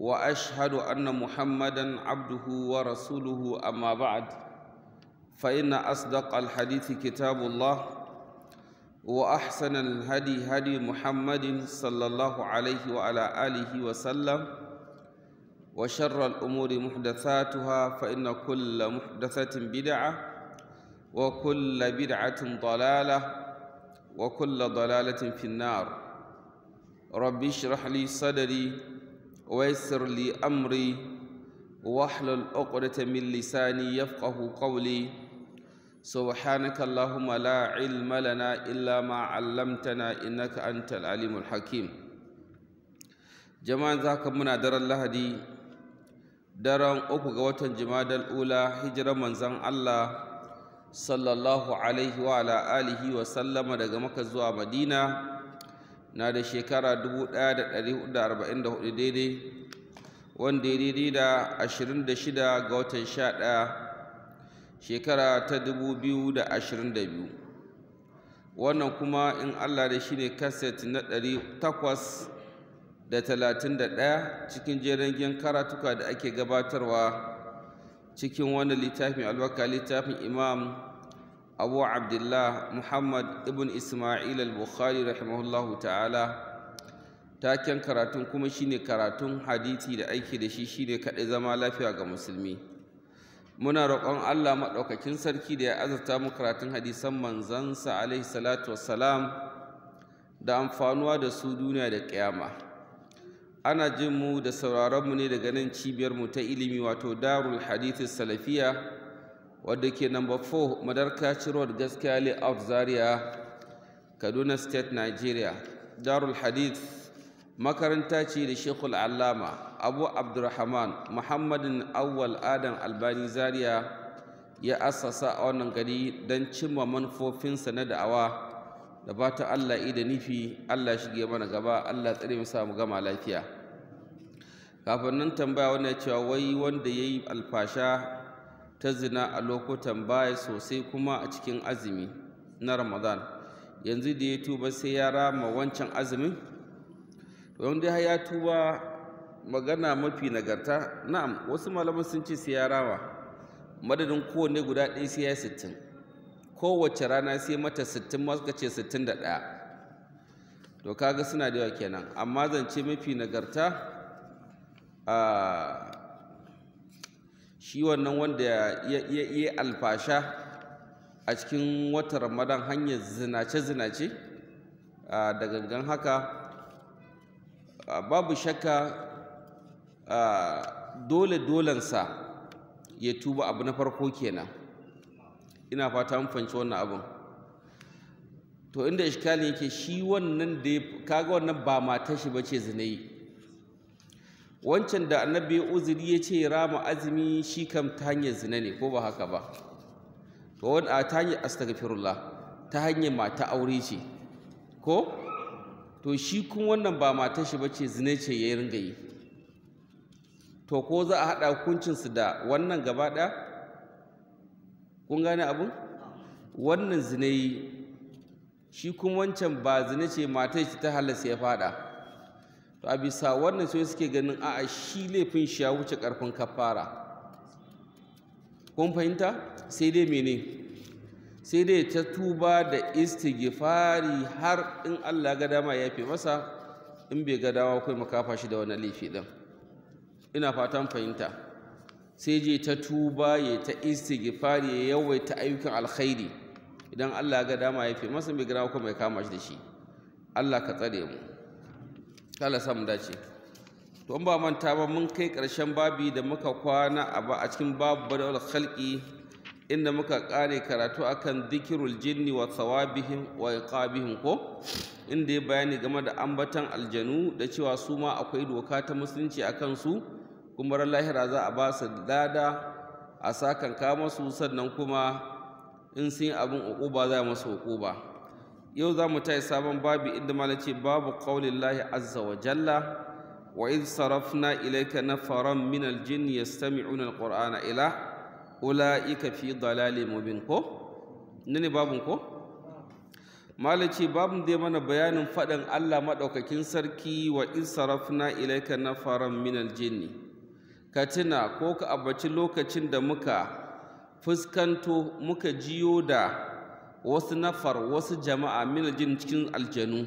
واشهد ان محمدا عبده ورسوله اما بعد فان اصدق الحديث كتاب الله واحسن الهدي هدي محمد صلى الله عليه وعلى اله وسلم وشر الامور محدثاتها فان كل محدثه بدعه وكل بدعه ضلاله وكل ضلاله في النار رب اشرح لي صدري ويسر لي أمري واحلل عقدة من لساني يفقه قولي سبحانك اللهم لا علم لنا إلا ما علمتنا إنك أنت العليم الحكيم جماعة ذاك من در اللهدي daren uku ga watan jimadar ula hijirar manzan Allah sallallahu alaihi wa ala alihi wa sallama daga maka zuwa madina na da shekara 1444 daidai wanda ya daidai da 26 ga watan 11 shekara ta 2022 wannan kuma in allah da shi ne kaset na 831 cikin jerengen karatuka da ake gabatarwa cikin wani littafin albarka littafin imam Abu abdullah Muhammad ibn Isma'il Al-Bukhari rahimahullahu ta'ala. taken karatun kuma shine karatun hadisi da aiki da shi shine kaɗai zama lafiya ga musulmi muna roƙon Allah maɗaukakin sarki da ya azurta mu karatun hadisan manzansa alaihi salatu wassalam da amfanuwa da su duniya da ƙiyama ana jin mu da sauraron mu ne daga nan cibiyar mu ta ilimi wato darul hadith salafiya wadda ke number 4 madarkaci road gaskiya layout zaria kaduna state nigeria darul hadith makaranta ce da shekul allama abu abdurrahman muhammadin awwal adam albani zaria ya assasa a wannan gari don cimma manufofinsa na da'awa da ba ta allah ida nufi allah shige mana gaba allah tsare mu samu gama lafiya kafin nan tambaya wannan cewa wai wanda ya yi alfasha ta zina a lokutan baya sosai kuma a cikin azumi na ramadan yanzu da ya tuba sai ya rama wancan azumin don dai ya tuba magana mafi nagarta na'am wasu malaman sun ce sai ya rama madadin kowane guda ɗaya sai ya yi sittin kowace rana sai mata sittin masu ce sittin da ɗaya to kaga suna da yawa kenan amma zance mafi nagarta a ah, shi wannan wanda ya iya alfasha a cikin watan ramadan hanyar zinace-zinace da gangan haka babu shakka dole dolensa ya tuba abu na farko kenan ina fata fahimci wannan abin to inda iskali yake shi wannan da ya kaga wannan ba mata shi ce zinai wancan da annabi uzuri ya ce rama azumi shi kam ta hanyar zina ne ko ba haka ba to wani a ta hanyar astaghfirullah ta hanyar mata aure ce ko to shi kun wannan ba mata shi ba ce zina ce ya ringa yi to ko za a haɗa hukuncinsu da wannan gaba ɗaya kun gane abin wannan zina yi shi kuma wancan ba zina ce mata shi ta halasta ya faɗa to a bisa wannan sai suke ganin a'a shi laifin shi ya wuce karfin kafara kun fahimta sai dai mene sai dai ta tuba da istighfari har in Allah ga dama ya fi masa in bai ga dama kai makafa shi da wani laifi din ina fatan fahimta sai je ta tuba ya ta istighfari ya yawaita ayyukan alkhairi idan Allah ga dama ya fi masa bai ga dama kai ya kama shi da shi Allah ka tsare mu Allah samu dace to ba manta ba mun kai ƙarshen babi da muka kwana a cikin babu badawul khalqi inda muka ƙare karatu akan dikirul jinni wa thawabihim wa iqabihim ko inda ya bayani game da ambatan aljanu da cewa su ma akwai doka ta musulunci akan su kuma ran lahira za a ba su lada a sakan kama su sannan kuma in sun yi abin ba za a masu ba. yau za mu tayi sabon babi inda malam ce babu qaulillahi azza wa jalla wa in sarafna ilayka nafaran min aljin yastami'una ƙor'ana ila ika fi dalali mubin ko nene babin ko malam ce dai mana bayanin faɗin Allah maɗaukakin sarki wa in sarafna na faran min aljin ka tuna ko ka abaci lokacin da muka fuskanto muka jiyo da wasu nafar wasu jama'a min jin cikin aljanu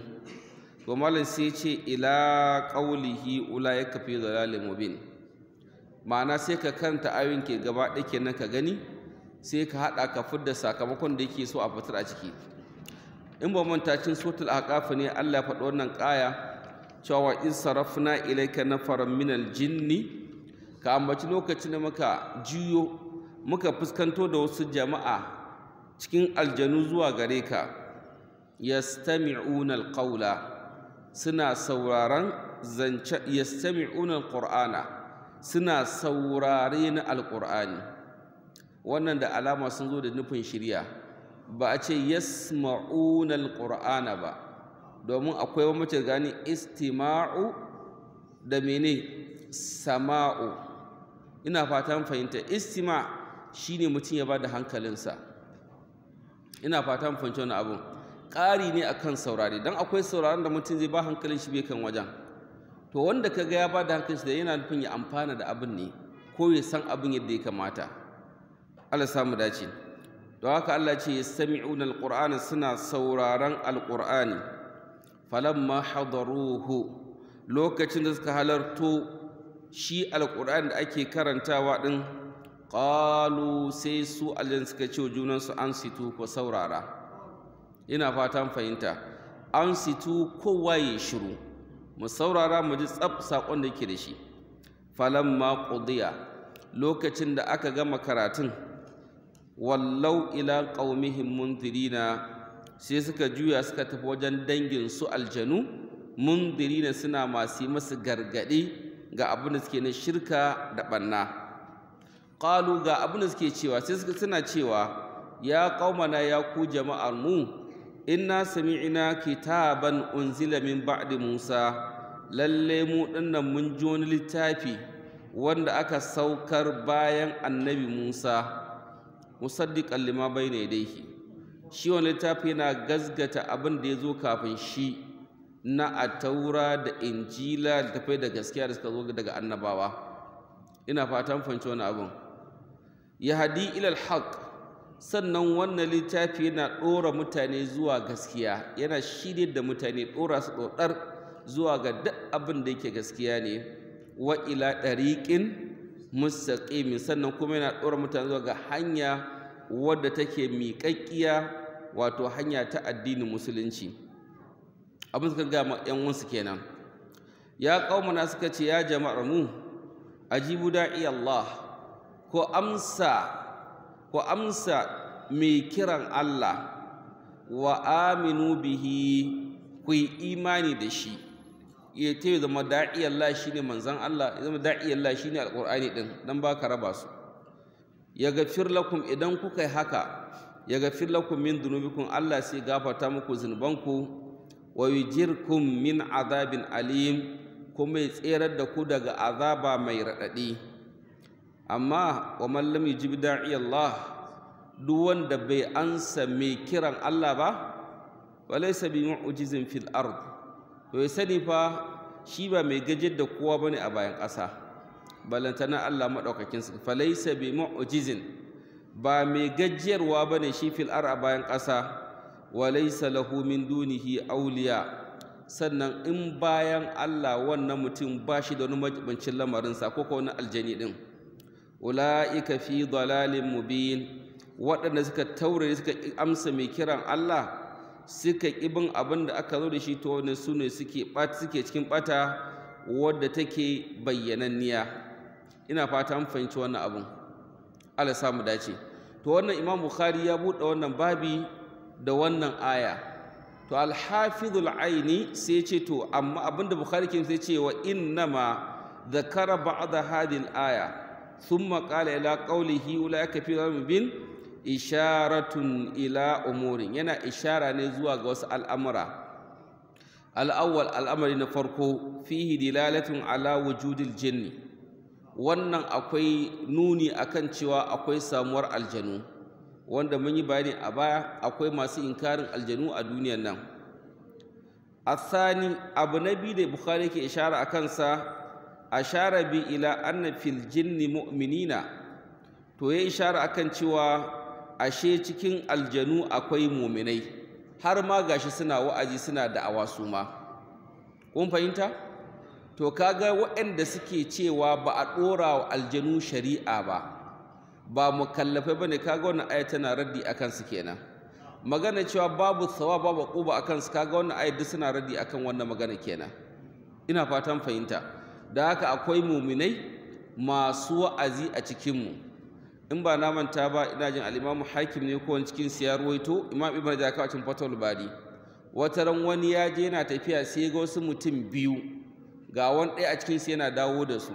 to malam sai ya ce ila qaulihi ulaika fi dhalalin mubin ma'ana sai ka karanta ayoyin ke gaba ɗaya kenan ka gani sai ka haɗa ka fidda sakamakon da yake so a fitar a ciki in ba manta cin sotul ahqaf ne Allah ya faɗi wannan ƙaya cewa in sarafna ilayka nafaran min aljinni ka ambaci lokacin da muka jiyo muka fuskanto da wasu jama'a cikin aljanu zuwa gare ka yastami'una alqawla suna sauraron zance yastami'una alqur'ana suna saurare na alqur'ani wannan da alama sun zo da nufin shirya ba a ce yasma'una alqur'ana ba domin akwai wani mace gani istima'u da mene sama'u ina fatan fahimta istima shine mutum ya ba da hankalinsa ina fata mu fahimci wani abu. ƙari ne a kan saurari, don akwai sauraron da mutum zai ba hankalin shi bai kan wajen to wanda ka ga ya ba da hankalin shi da yana nufin ya amfana da abin ne ko ya san abin yadda ya kamata Allah samu dace don haka Allah ce ya sami'una alqur'ana suna sauraron alqur'ani falamma hadaruhu lokacin da suka halarto shi alqur'ani da ake karantawa din qalu sai su aljan suka ce wa junansu an situ ko saurara ina fatan fahimta an situ ko ya shiru mu saurara mu ji tsab sakon da yake da shi falamma qudiya lokacin da aka gama karatun wallau ila qaumihim mundirina sai suka juya suka tafi wajen dangin su aljanu mundirina suna masu masu gargaɗi ga abin da suke na shirka da ɓanna qalu ga abin da suke cewa sai suna cewa ya qaumana ya ku jama'ar mu inna sami'ina kitaban unzila min ba'di musa lalle mu dinnan mun ji wani littafi wanda aka saukar bayan annabi musa musaddiqan lima bayna yadayhi shi wani littafi yana gasgata abin da ya zo kafin shi na taura da injila da tafai da gaskiya da suka zo daga annabawa ina fatan fahimci wani abin Yahadi ilal haq sannan wannan littafi yana ɗora mutane zuwa gaskiya yana shirye da mutane ɗora su ɗoɗar zuwa ga duk abin da yake gaskiya ne wa ila ɗariƙin sannan kuma yana ɗora mutane zuwa ga hanya wadda take miƙaƙƙiya wato hanya ta addinin musulunci abin suka gama ‘yan kenan ya ƙaumana suka ce ya jama'ar mu ajibu da'i Allah ku amsa ko amsa mai kiran Allah wa aminu bihi ku yi imani da shi ya ta zama da'i Allah shi ne manzan Allah ya zama da'i Allah shi ne alƙur'ani ɗin don ba ka raba su ya gafir lakum idan kuka yi haka ya gafir lakum min dunubikun Allah sai gafarta muku zunubanku wa yujirkum min azabin alim kuma ya tserar da ku daga azaba mai raɗaɗi amma wa mallam jibi da'i Allah duk wanda bai ansa mai kiran Allah ba walaysa bi mu'jizin fil ard to sani fa shi ba mai gajar da kowa bane a bayan ƙasa balantana Allah madaukakin sa falaysa bi mu'jizin ba mai gajiyarwa bane shi fil ard a bayan ƙasa walaysa lahu min dunihi awliya sannan in bayan Allah wannan mutum ba shi da wani majibancin lamarinsa ko ko wani aljani din ula'ika fi dalalin mubin waɗanda suka taurari suka amsa mai kiran Allah suka ibin abin da aka zo da shi to ne su ne suke suke cikin bata wadda take bayyananniya ina fata an fahimci wannan abin Allah sa mu dace to wannan Imam Bukhari ya buɗe wannan babi da wannan aya to al-hafizul aini sai ce to amma abin Bukhari ke sai ce wa innama dhakara ba'da hadhihi al-aya ثم قال إلى قوله أولئك في ضلال مبين إشارة إلى أمور ينا إشارة نزوى غوص الأمر الأول الأمر نفرقه فيه دلالة على وجود الجن wannan akwai nuni akan cewa akwai samuwar aljanu wanda mun yi bayani a baya akwai masu inkarin aljanu a duniyar nan A sani abu na biyu da bukhari ke ishara a kansa ashara bi ila anna fil jinni mu'minina to ya ishara akan cewa ashe cikin aljanu akwai muminai har ma gashi suna wa'azi suna da su ma kun fahimta to kaga waɗanda suke cewa ba a ɗora aljanu shari'a ba ba mukallafai bane kaga wannan aya tana raddi akan su kenan magana cewa babu tsawa babu ƙuba akan su kaga wannan aya duk suna raddi akan wannan magana kenan ina fatan fahimta da haka akwai muminai masu wa'azi a cikinmu in ba na manta ba ina jin al'imamu hakim ne ko cikin siya ruwaito imam ibn da ka cin fatul bari wata ran wani ya je yana tafiya sai ga wasu mutum biyu ga wani ɗaya a cikin yana dawo da su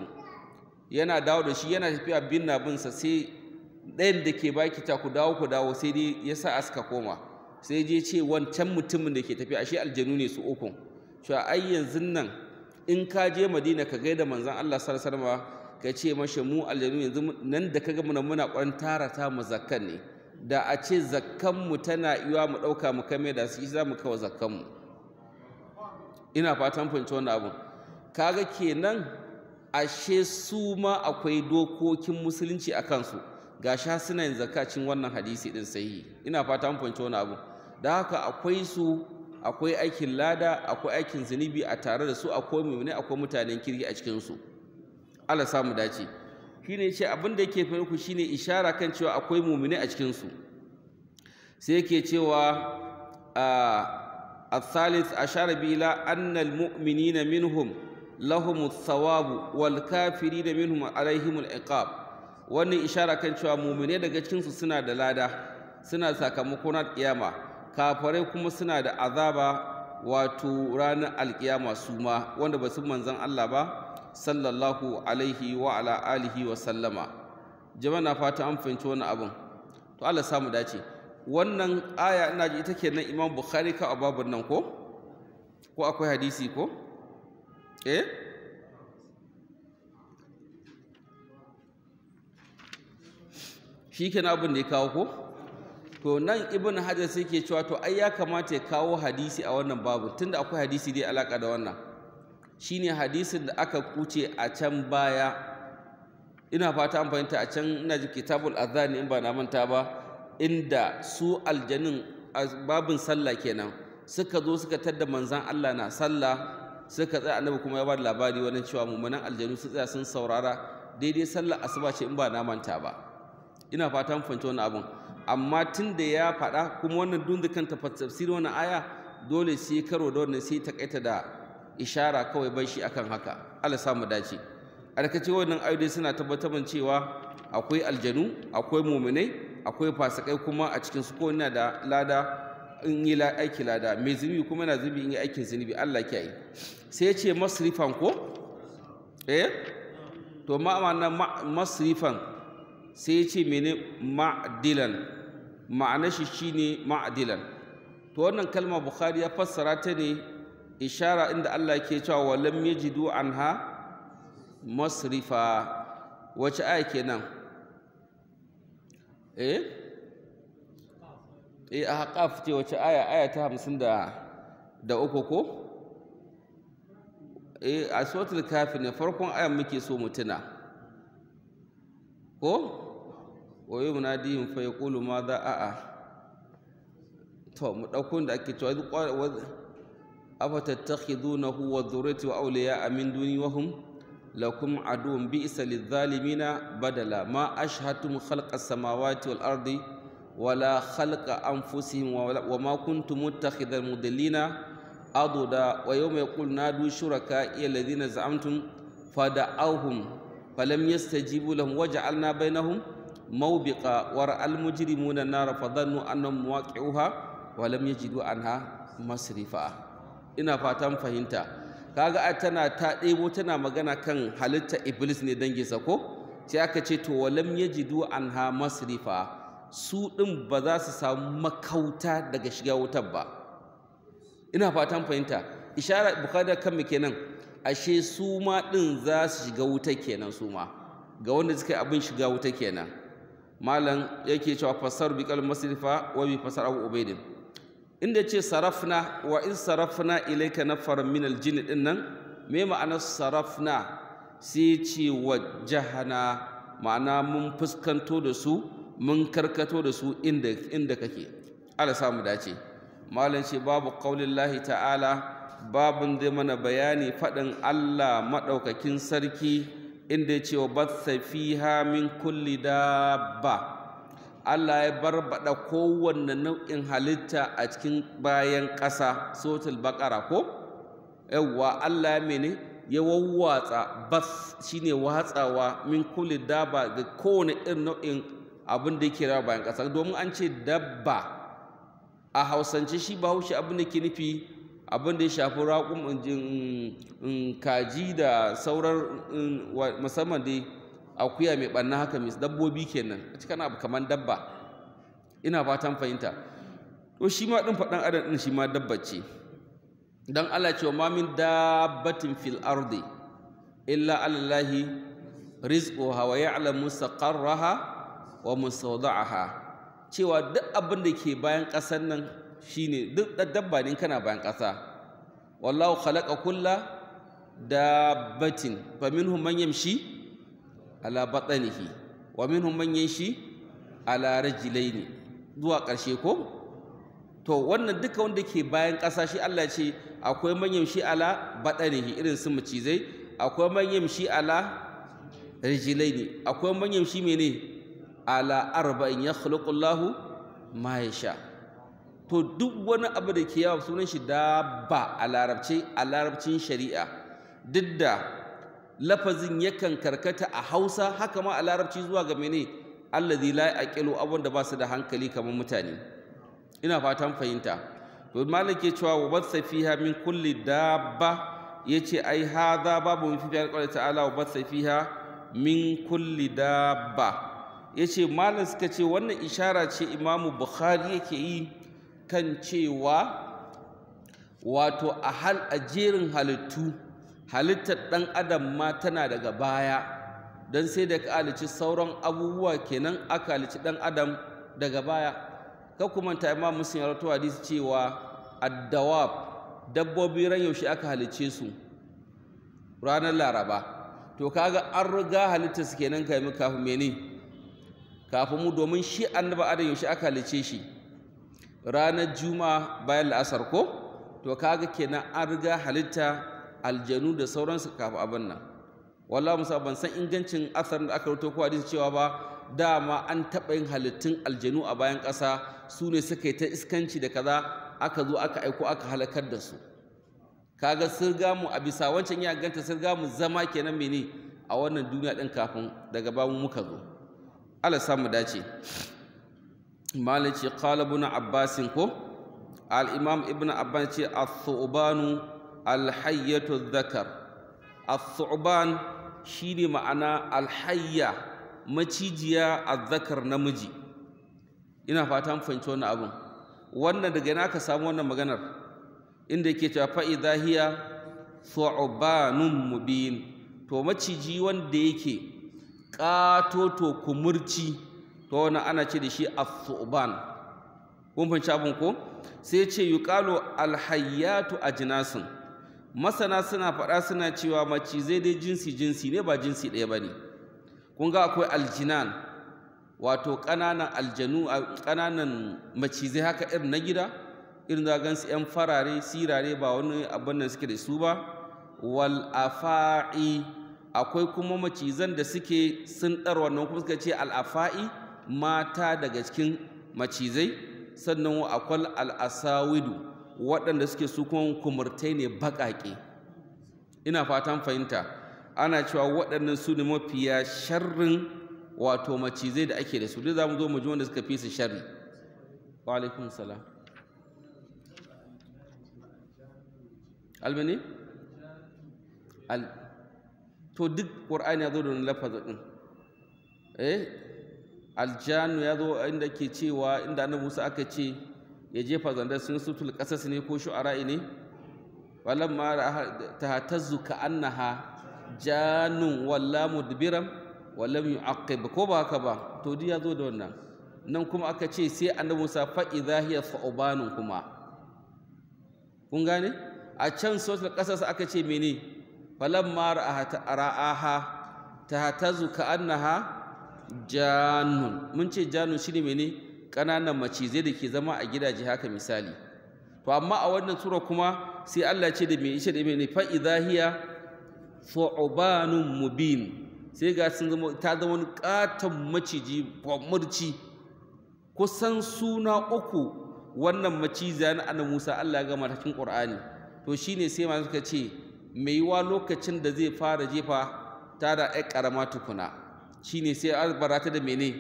yana dawo da shi yana tafiya bin na bin sa sai ɗayan da ke baki ta ku dawo ku dawo sai dai ya sa aska koma sai je ce wancan mutumin da ke tafiya ashe aljanu ne su uku cewa ai yanzu nan in ka je madina ka gaida manzan Allah sarsar ma ka ce mashi mu aljanu yanzu nan da ka ga muna muna kwan tara ta mu zakkan ne da a ce zakkan mu tana iwa mu ɗauka mu kame da su za mu kawo zakkan mu ina fatan fahimci wannan abun kaga kenan ashe su ma akwai dokokin musulunci a kansu ga sha suna yin zakacin wannan hadisi din sahihi ina fata mun fahimci wani abu da haka akwai su akwai aikin lada akwai aikin zunubi a tare da su akwai wani akwai mutanen kirki a cikinsu. Allah samu dace shine yace abin da yake fi shine ishara kan cewa akwai mummune a cikin su sai yake cewa الثالث ashara به muminina minhum المؤمنين منهم لهم الثواب minhum منهم عليهم العقاب wannan ishara kan cewa mummune daga cikinsu suna da lada suna sakamako na kafarai kuma suna da azaba wato ranar alkiyama su ma wanda ba su manzan Allah ba sallallahu alaihi wa ala alihi wa sallama jama'a na fata an fahimci wannan abin to Allah samu dace wannan aya ina ji ita kenan Imam Bukhari ka a babun nan ko ko akwai hadisi ko eh shi kenan abin da ya kawo ko to nan ibn hajar sai ke cewa to ai ya kamata ya kawo hadisi a wannan babu tunda akwai hadisi dai alaka da wannan shine hadisin da aka kuce a can baya ina fata an fahimta a can ina ji kitabul azan in ba na manta ba inda su aljanin babin sallah kenan suka zo suka tadda manzan Allah na sallah suka tsaya annabi kuma ya ba da labari wannan cewa mummunan aljanu su tsaya sun saurara daidai sallar asuba ce in ba na manta ba ina fata an fahimta wannan abun amma tun da ya faɗa kuma wannan dun da kanta tafsir wannan aya dole sai karo da wannan sai takaita da ishara kawai bai shi akan haka Allah sa mu dace alkace wannan ayoyi suna tabbatar cewa akwai aljanu akwai muminai akwai fasikai kuma a cikin su ko ina da lada in yi aiki lada mai zunubi kuma na zunubi in yi aikin zunubi Allah kiyaye sai ya ce masrifan ko eh to ma'ana masrifan sai ya ce mene ma'dilan ma'anar shi ne ma'dilan to wannan kalma bukhari ya fassara ta ne ishara inda Allah ke cewa wa lam yajidu anha masrifa wace aya kenan eh eh a haƙaf ce wace aya aya ta hamsin da da uku ko eh a suratul kafi ne farkon ayan muke so mu tuna ko wa yunadihim fa yaqulu ma za a'a to mu ɗauko da ake cewa afatattakhidunahu wa auliya awliya'a min duni wa hum lakum aduwwun bi'sa lidh-dhalimina badala ma ashhadtum khalqa samawati wal ardi wala khalqa anfusihim wa ma kuntum muttakhidhal mudillina aduda wa yawma yaqul nadu shuraka'i alladhina za'amtum fada'awhum falam yastajibu lahum waja'alna bainahum موبقا ورأى المجرمون النار فظنوا أنهم مواقعها ولم يجدوا عنها مصرفا ina fatan fahimta kaga tana ta ɗebo tana magana kan halitta iblis ne danginsa ko sai aka ce to walam yajidu anha masrifa su ɗin ba za su samu makauta daga shiga wutar ba ina fatan fahimta ishara bukada kan kenan ashe su ma ɗin za su shiga wuta kenan su ma ga wanda suka abin shiga wuta kenan malam yake cewa fasar bi kal masrifa wa bi fasar abu ubaidin inda ce sarafna wa in sarafna ilayka nafar min al jinn din nan me ma'anar sarafna sai ce wajjahana ma'ana mun fuskanto da su mun karkato da su inda inda kake Allah samu dace malam ce babu qaulillahi ta'ala babun zai mana bayani faɗin Allah maɗaukakin sarki inda ya ce wa batsa fiha min kulli dabba Allah ya barbaɗa kowanne nau'in halitta a cikin bayan ƙasa sotul baƙara ko yawwa Allah ya mene ya wawwatsa bas shine watsawa min kulli dabba ga kowane irin nau'in abin da yake bayan ƙasa domin an ce dabba a hausance shi bahaushe abin da ke nufi abin da ya shafi raƙun kaji da sauran musamman dai akuya mai ɓanna haka mai dabbobi kenan a cikin abu kamar dabba ina fatan fahimta to shi ma ɗin faɗan adam ɗin shi ma dabba ce don Allah ce wa mamin dabbatin fil ardi illa alallahi rizquha wa ya'lamu saqarraha wa mustawda'aha cewa duk abin da ke bayan ƙasar nan shine duk dabba ne kana bayan ƙasa wallahu khalaqa kulla dabbatin fa minhum man yamshi ala batnihi wa minhum man yamshi ala rajlaini zuwa ƙarshe ko to wannan duka wanda ke bayan ƙasa shi Allah ce akwai man yamshi ala batnihi irin su macizai akwai man yamshi ala rajlaini akwai man yamshi mene ala arba'in yakhluqu Allahu ma yasha' to duk wani abu da ke yawa sunan shi dabba a larabci a larabcin shari'a duk da lafazin yakan karkata a hausa haka ma a larabci zuwa ga mene allazi la yaqilu abun da ba su da hankali kamar mutane ina fatan fahimta to malik ke cewa wa batsa fiha min kulli dabba yace ai hadha babu min fi alqur'ani ta'ala wa batsa fiha min kulli dabba yace malam suka ce wannan ishara ce imamu bukhari yake yi kan cewa wato a hal a jerin halittu halittar ɗan adam ma tana daga baya don sai da ka halici sauran abubuwa kenan aka halici ɗan adam daga baya ka kuma ta imam musu ya rawaito hadisi cewa addawab dabbobi ran yaushe aka halice su ranar laraba to kaga an riga halittar su kenan yi mu kafin mene kafin mu domin shi annabi adam yaushe aka halice shi ranar juma'a bayan la'asar ko to kaga kenan an riga halitta aljanu da sauransu kafin abin nan Wala musa ban san ingancin asarin da aka rubuta ko hadisi cewa ba dama an taɓa yin halittun aljanu a bayan ƙasa su ne suka yi ta iskanci da kaza aka zo aka aiko aka halakar da su kaga sun mu a bisa wancan ya ganta sun mu zama kenan mene a wannan duniya ɗin kafin daga bamu muka zo Allah samu dace malin ce qalibun abbasin ko al ibn abban ce a tsubanu alhayyatu zakar A tsuban shi ne ma'ana alhayya, macijiya a zakar namiji ina fatan fahimci wannan abun wannan daga yana ka samu wannan maganar inda yake cewa fa’i zahiya tsubanun mubin to maciji wanda yake ƙatoto kumurci to wannan ana ce da shi a suban kun fahimci abin ko sai ce yuqalu alhayyatu a ajnasun masana suna faɗa suna cewa macizai dai jinsi jinsi ne ba jinsi ɗaya ba ne. kun ga akwai aljinan wato ƙananan aljanu ƙananan macizai haka irin na gida irin za gan su yan farare sirare ba wani abin da suke da su ba wal afa'i akwai kuma macizan da suke sun ɗar wannan kuma suka ce al'afa'i mata daga cikin macizai sannan wa akwal al'asawidu waɗanda suke su kuma kumurtai ne baƙaƙe ina fatan fahimta ana cewa waɗannan su ne mafiya sharrin wato macizai da ake da su duk za mu zo mu ji wanda suka fi su sharri wa alaikum salam almani to duk ƙur'ani ya zo da wani lafazin eh aljanu ya zo inda ke cewa inda annabi Musa aka ce ya jefa zandar sun sutul kasas ne ko shu'ara'i ne walamma tahtazzu ka annaha janun walla mudbiram walam yu'aqib ko ba haka ba to di ya zo da wannan nan kuma aka ce sai annabi Musa fa idha hiya fa'banun kuma kun gane a can suratul qasas aka ce mene falamma ra'aha tahtazu ka annaha janun mun ce janun shine ne ƙananan macizai da ke zama a gidaje haka misali to amma a wannan sura kuma sai Allah ce da mai ishe da mai fa hiya thu'banun mubin sai ga sun zama ta zama wani katon maciji kwamurci kusan suna uku wannan maciza na annabi Musa Allah ga matakin cikin Qur'ani to shine sai ma suka ce mai yiwa lokacin da zai fara jefa tara da tukuna Shi ne sai albara ta da mene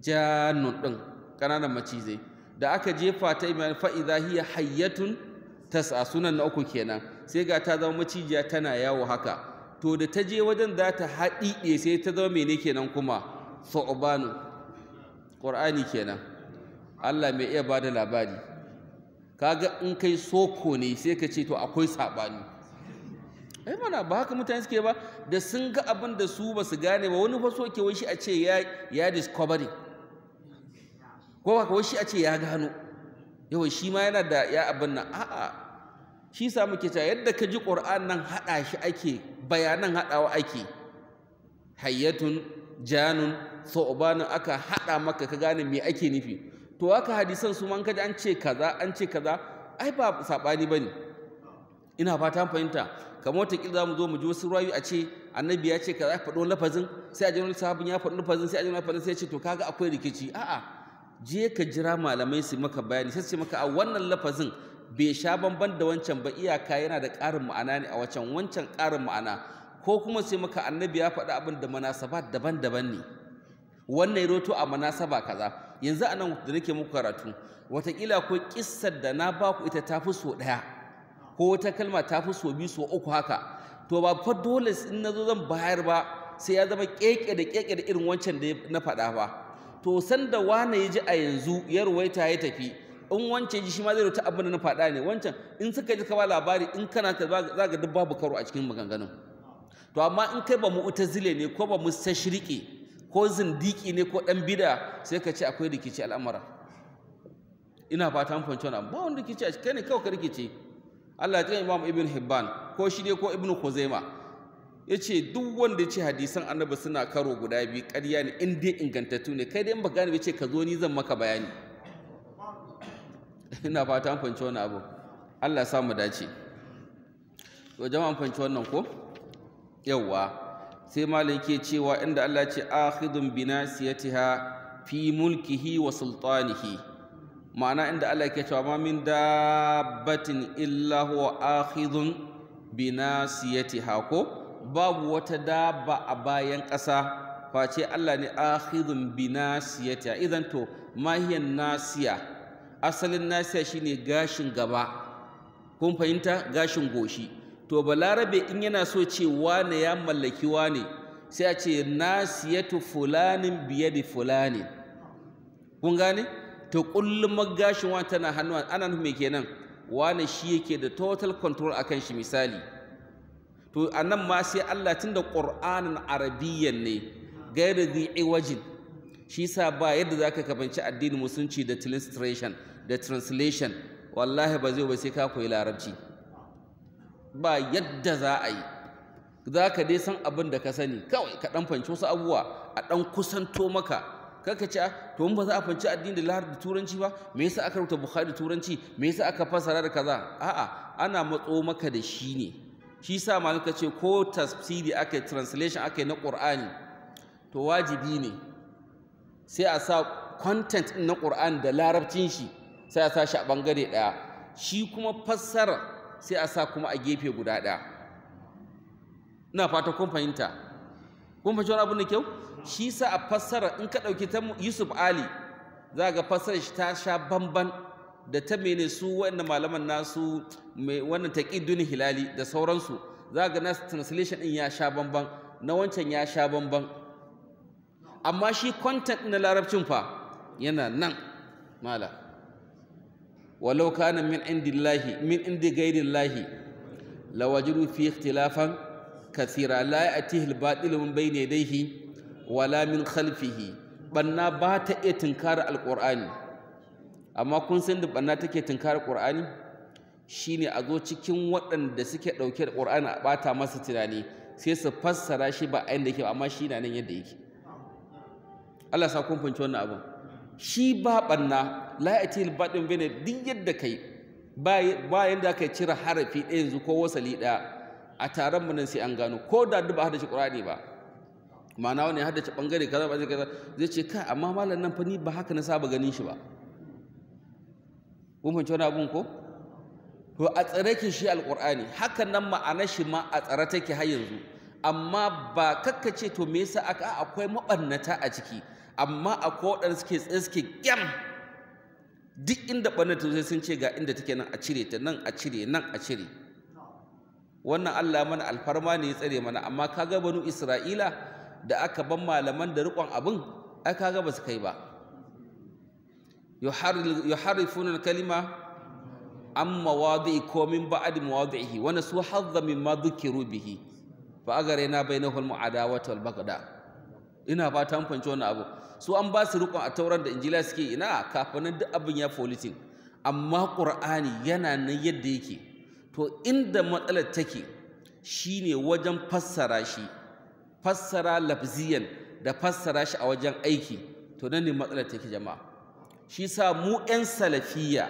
janun ɗin ƙananan macizai da aka jefa ta imani fa hiya hayyatun tas'a sunan na uku kenan sai ga ta zama macijiya tana yawo haka to da ta je wajen za ta haɗiɗe sai ta zama mene kenan kuma thubanu ƙor'ani kenan Allah mai iya ba da labari kaga in kai soko ne sai ka ce to akwai saɓani ai mana ba haka mutane suke ba da sun ga abin da su ba su gane ba wani faso ke shi a ce ya ya discovery ko ba shi a ce ya gano yawa shi ma yana da ya abin nan a'a shi samu muke cewa yadda ka ji qur'an nan hada shi ake bayanan hadawa ake hayyatun janun saubanin aka haɗa maka ka gane me ake nufi to haka hadisan su man kaji an ce kaza an ce kaza ai ba sabani bane ina fata fahimta kamar wata za mu zo mu ji wasu rayu a ce annabi ya ce ka za faɗo lafazin sai a ji wani sahabin ya faɗo lafazin sai a ji wani lafazin sai ya ce to kaga akwai rikici a'a je ka jira malamai su maka bayani sai su ce maka a wannan lafazin bai sha bamban da wancan ba iyaka yana da ƙarin ma'ana ne a wancan wancan ƙarin ma'ana ko kuma sai maka annabi ya faɗi abin da manasaba daban-daban ne wannan ya roto a manasaba kaza yanzu anan da nake muku karatu watakila ko kissar da na baku ita ta fi so ɗaya ko wata kalma ta fi so biyu so uku haka to ba fa dole in na zo zan bayar ba sai ya zama keke da keke da irin wancan da na faɗa ba to sanda wane ya ji a yanzu ya ruwaita ya tafi in wancan ji shi ma zai rubuta abin da na faɗa ne wancan in suka ji ka ba labari in kana ka za ga duk babu karo a cikin maganganun to amma in kai ba mu'tazile ne ko ba mustashriki ko zindiki ne ko dan bida sai ka ce akwai rikici al'amara ina fata fatan fahimci wannan ba wani rikici a cikin kai ne kawai ka rikici Allah ya Imam Ibn Hibban ko shi ne ko Ibn Khuzaima yace duk wanda ya ce hadisan Annabi suna karo guda biyu ƙarya ne in dai ingantattu ne kai dai in baka gane ba ce ka zo ni zan maka bayani ina fata an fanci wannan abu Allah ya sa mu dace to jama'an fanci wannan ko yawwa sai malam ke cewa inda Allah ya ce akhidun binasiyatiha fi mulkihi wa sultanihi ma'ana inda Allah ke cewa ma min dabbatin illa huwa akhidhun bi nasiyatiha ko babu wata dabba a bayan ƙasa face Allah ne akhidhun bi nasiyatiha idan to mahiyan nasiya asalin nasiya shine gashin gaba kun fahimta gashin goshi to balarabe in yana so ce wane ya mallaki wane sai a ce nasiyatu fulanin biyadi fulanin kun gane to kullum gashin tana hannu ana nufin me kenan wani shi yake da total control akan shi misali to a nan ma sai Allah tun da ƙur'anin arabiyyan ne gairi dhi iwajin shi sa ba yadda za ka kafanci addinin musulunci da translation da translation wallahi ba zai ba sai ka koyi larabci ba yadda za a yi za ka dai san abin da ka sani kawai ka ɗan fanci wasu abubuwa a ɗan kusanto maka kaka ce ah, to mun ba za a fanci addini da lahar da turanci ba me yasa aka rubuta bukhari da turanci me yasa aka fasara da kaza a'a ana matso maka da shi ne shi sa malaka ce ko tafsiri aka translation aka na qur'ani to wajibi ne sai a sa content na qur'an da larabcin shi sai a sa shi a bangare daya shi kuma fassara sai a sa kuma a gefe guda daya ina fata kun fahimta kun fahimci wani abu ne kyau shi sa a fassara in ka ɗauki ta Yusuf Ali za ga fassarar shi ta sha bamban da ta mene su wannan malaman nasu mai wannan taqiddun hilali da sauransu za ga nasu translation din ya sha bamban na wancan ya sha bamban amma shi content na larabcin fa yana nan mala walau kana min indillahi min indi ghairillahi lawajidu fi ikhtilafan kathira la ya'tihi al-batil min bayni yadayhi wala min khalfihi banna ba ta iya tinkara alqur'ani amma kun san da banna take tunkara qur'ani shine a zo cikin waɗanda suke ɗauke da qur'ani a bata masa tunani sai su fassara shi ba ayin da yake amma shi na nan yadda yake Allah sa kun fahimci wannan abin shi ba banna la yatil badin bane duk yadda kai ba yanda kai cire harafi ɗaya yanzu ko wasali ɗaya a taron mu nan sai an gano ko da duk ba hada shi ƙur'ani ba ma'ana wani ya haddace bangare kaza ba kaza zai ce kai amma malam nan fa ni ba haka na saba ganin shi ba kun fahimci wani abun ko to a tsare ke shi alqur'ani hakan nan ma'ana shi ma a tsare take har yanzu amma ba kakkace to me yasa aka akwai mabannata a ciki amma akwai waɗanda suke tsaye suke gyam duk inda ɓannata sai sun ce ga inda take nan a cire ta nan a cire nan a cire wannan Allah mana alfarma ne ya tsare mana amma kaga banu Isra'ila da aka ban malaman da riƙon abin ai kaga ba su kai ba yuharrifuna kalima an mawadi'i ko min ba'di mawadi'ihi wa nasu hadda ma dhukiru bihi fa agarena al mu'adawatu wal baghda ina ba ta fanci wannan abu su an ba su riƙon a tauran da injila suke ina kafin duk abin ya folitin amma ƙur'ani yana nan yadda yake to inda matsalar take shine wajen fassara shi fassara lafziyan da fassara shi a wajen aiki to nan ne matsalar take jama'a shi sa mu 'yan salafiya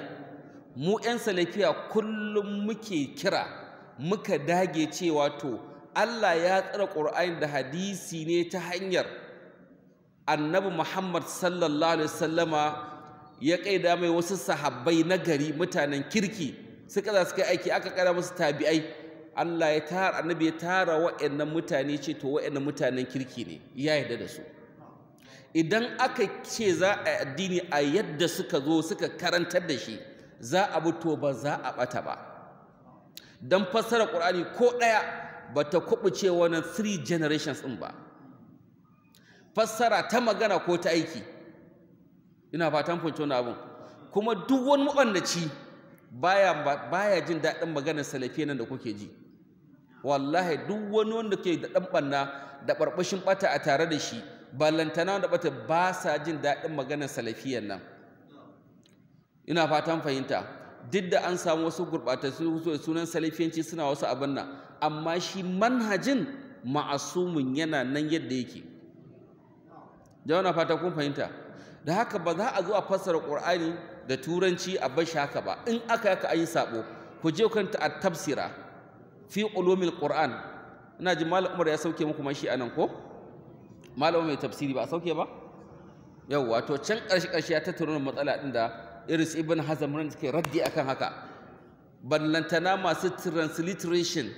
mu 'yan salafiya kullum muke kira muka dage cewa to Allah ya tsara Ƙur'ani da hadisi ne ta hanyar annabi Muhammad sallallahu alaihi wasallama ya kaida mai wasu sahabbai na gari mutanen kirki suka za su kai aiki aka kada musu tabi'ai Allah ya tara annabi ya tara wa'annan mutane ce to wa'annan mutanen kirki ne ya yarda da su idan aka ce za a addini a yadda suka zo suka karantar da shi za a bi to ba za a bata ba dan fassara Qur'ani ko daya bata kubuce wannan three generations din ba fassara ta magana ko ta aiki ina fatan fahimci wannan abun kuma duk wani mabannaci baya baya jin daɗin maganar salafiya nan da kuke ji wallahi duk wani wanda ke da ɗan ɓanna da ɓarɓashin ɓata a tare da shi ballantana da ɓata ba sa jin daɗin maganar salafiyan nan ina fatan fahimta duk da an samu wasu su sunan salafiyanci suna wasu abin nan amma shi manhajin ma'asumin yana nan yadda yake jawana fata kun fahimta da haka ba za a zo a fassara ƙur'ani da turanci a bashi haka ba in aka yi ka yi saɓo ku je kanta a tafsira fi ulumil qur'an ina ji malam umar ya sauke muku mashi anan ko malam mai tafsiri ba a sauke ba yau wato can ƙarshe ƙarshe ya tattauna matsala din da iris ibn hazam ran take raddi akan haka ballantana masu transliteration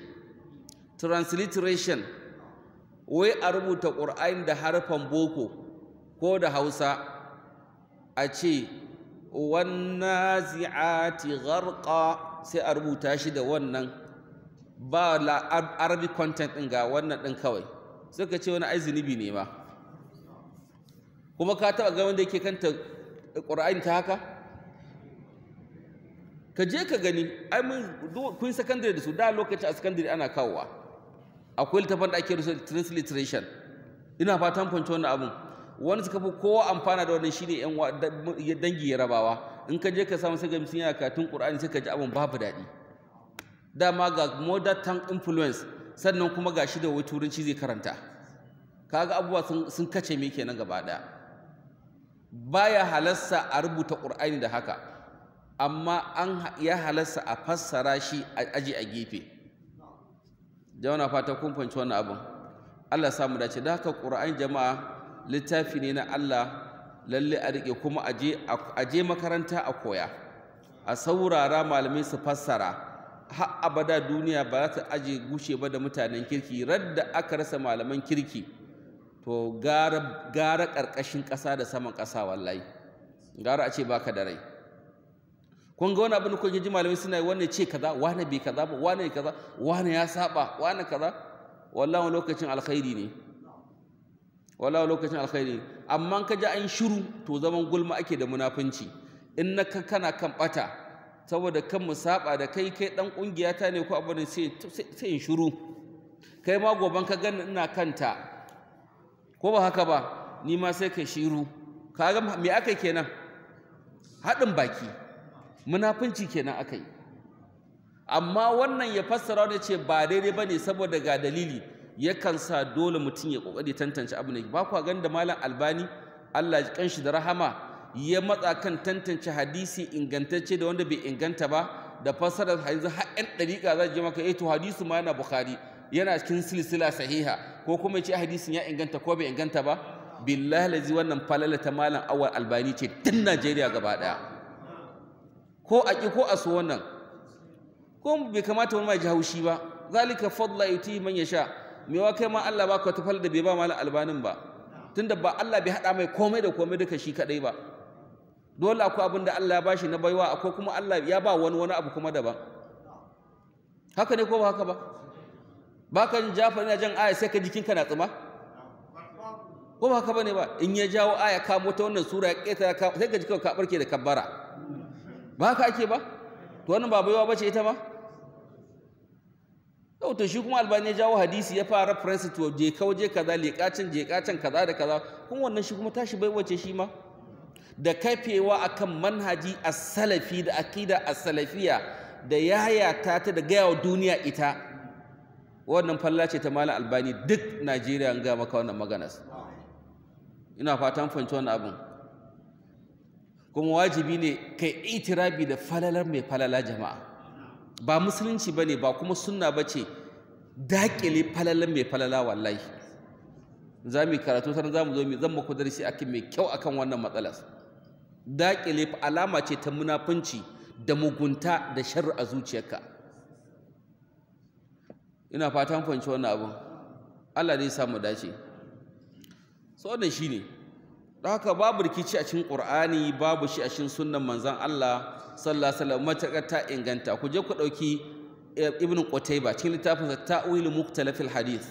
transliteration wai a rubuta ƙur'ani da harfan boko ko da hausa a ce wannan zi'ati gharqa sai a rubuta shi da wannan ba arabic content ɗin ga wannan ɗin kawai suka ce wani ai zunubi ne ma kuma ka taɓa ga wanda yake kanta qur'ani ta haka ka je ka gani ai mun kun secondary da su da lokaci a secondary ana kawowa akwai littafin da ake da transliteration ina fatan fahimci wannan abun wani suka fi kowa amfana da wannan shine yan dangi ya rabawa in ka je ka samu sai ga mutum yana katun qur'ani sai ka ji abun babu daɗi dama ga modern influence sannan kuma ga shi da wai turanci zai karanta kaga abubuwa sun kace me kenan gaba daya baya halassa a rubuta ƙur'ani da haka amma an ya halassa a fassara shi a aji a gefe jama'a fata kun fahimci wannan abin Allah samu dace da haka ƙur'ani jama'a littafi ne na Allah lalle a rike kuma a je makaranta a koya a saurara malamai su fassara har abada duniya ba za ta aje gushe ba da mutanen kirki radda aka rasa malaman kirki to gara gara ƙarƙashin ƙasa da saman ƙasa wallahi gara a ce baka da rai kun ga wani abin da kuke ji malamai suna wanne ce kaza wane bai kaza ba wane kaza wane ya saba wane kaza wallahi lokacin alkhairi ne wallahi lokacin alkhairi amma ka ji an shiru to zaman gulma ake da munafunci in na kana kan bata saboda kan mu saba da kai kai dan kungiya ta ne ko abu ne sai sai shiru kai ma goban ka gani ina kanta ko ba haka ba ni ma sai ka shiru kaga me akai kenan haɗin baki munafunci kenan akai amma wannan ya fassara da ce ba daidai bane saboda ga dalili yakan sa dole mutum ya kokari tantance abu ne ba kwa gani da malam albani Allah ya kanshi da rahama ya matsa kan tantance hadisi ingantacce da wanda bai inganta ba da fassarar hadisi har 'yan ɗariƙa za je maka eto eh, to hadisi ma yana bukari yana cikin silsila sahiha ko kuma ce hadisin ya inganta ko bai inganta ba billahi lazi wannan falala ta malam awal albani ce tun najeriya gaba ɗaya ko a ƙi ko a so wannan ko bai kamata wani mai ji haushi ba zalika fadla yuti man yasha me wa kai ma Allah ba ka tafal da bai ba malam albanin ba tunda ba Allah bai hada mai komai da komai duka shi kadai ba dole akwai abin da Allah ya bashi na baiwa akwai kuma Allah ya ba wani wani abu kuma daban haka ne ko ba haka ba ba ka jin jafa ina jan aya sai ka jikinka na tsuma ko ba haka bane ba in ya jawo aya ka mota wannan sura ya keta sai ka jikinka ka barke da kabbara ba haka ake ba to wannan ba baiwa bace ita ba yau to shi kuma albani ya jawo hadisi ya fara reference to je kawo je kaza leƙacin je kacin kaza da kaza kuma wannan shi kuma tashi wace shi ma da kafewa akan manhaji a salafi da akida a salafiya da yayata ta da gaya wa duniya ita wannan falla ce ta malam albani duk najeriya ga maka wannan maganas ina fatan fahimci wannan abin kuma wajibi ne kai itirabi da falalar mai falala jama'a ba musulunci ba ne ba kuma sunna ce, dakile falalar mai falala wallahi za mu yi karatu sannan za mu zo mu zan maku darasi akan mai kyau akan wannan matsalar daƙile fa alama ce ta munafunci da mugunta da sharri a zuciyarka ina fatan fahimci wannan abin Allah zai samu dace so wannan shine don haka babu rikici a cikin Qur'ani babu shi a cikin sunnan manzon Allah sallallahu alaihi wasallam matakar ta inganta ku je ku ɗauki eh, Ibn Qutayba cikin littafin littafinsa Ta'wil fil Hadis.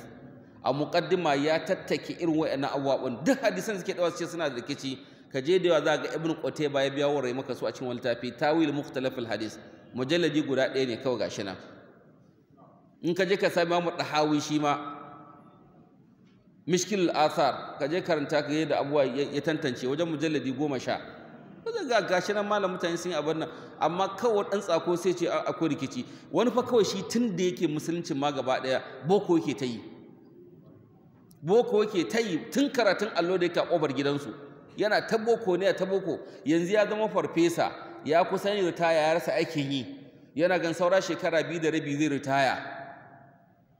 a muqaddima ya tattake irin wayannan abubuwan duk hadisan suke dawa suke suna da rikici ka je da yawa za ga ibn qutayba ya biya warai maka su a cikin littafi tawil mukhtalaf hadis mujalladi guda ɗaya ne kawai gashi nan in ka je ka sami Imam Dahawi shi ma Mishkil al ka je karanta ka da abuwa ya tantance wajen mujalladi goma sha kaza ga gashi nan malam mutane sun yi abin nan amma kawai ɗan tsako sai ce akwai rikici wani fa kawai shi tun da yake musuluncin ma gaba ɗaya, boko yake ta yi boko yake ta yi tun karatun allo da yake a ƙobar gidansu yana ta boko ne ta boko yanzu ya zama farfesa ya kusan yi ritaya ya rasa aikin yi yana gan saura shekara biyu da rabi zai ritaya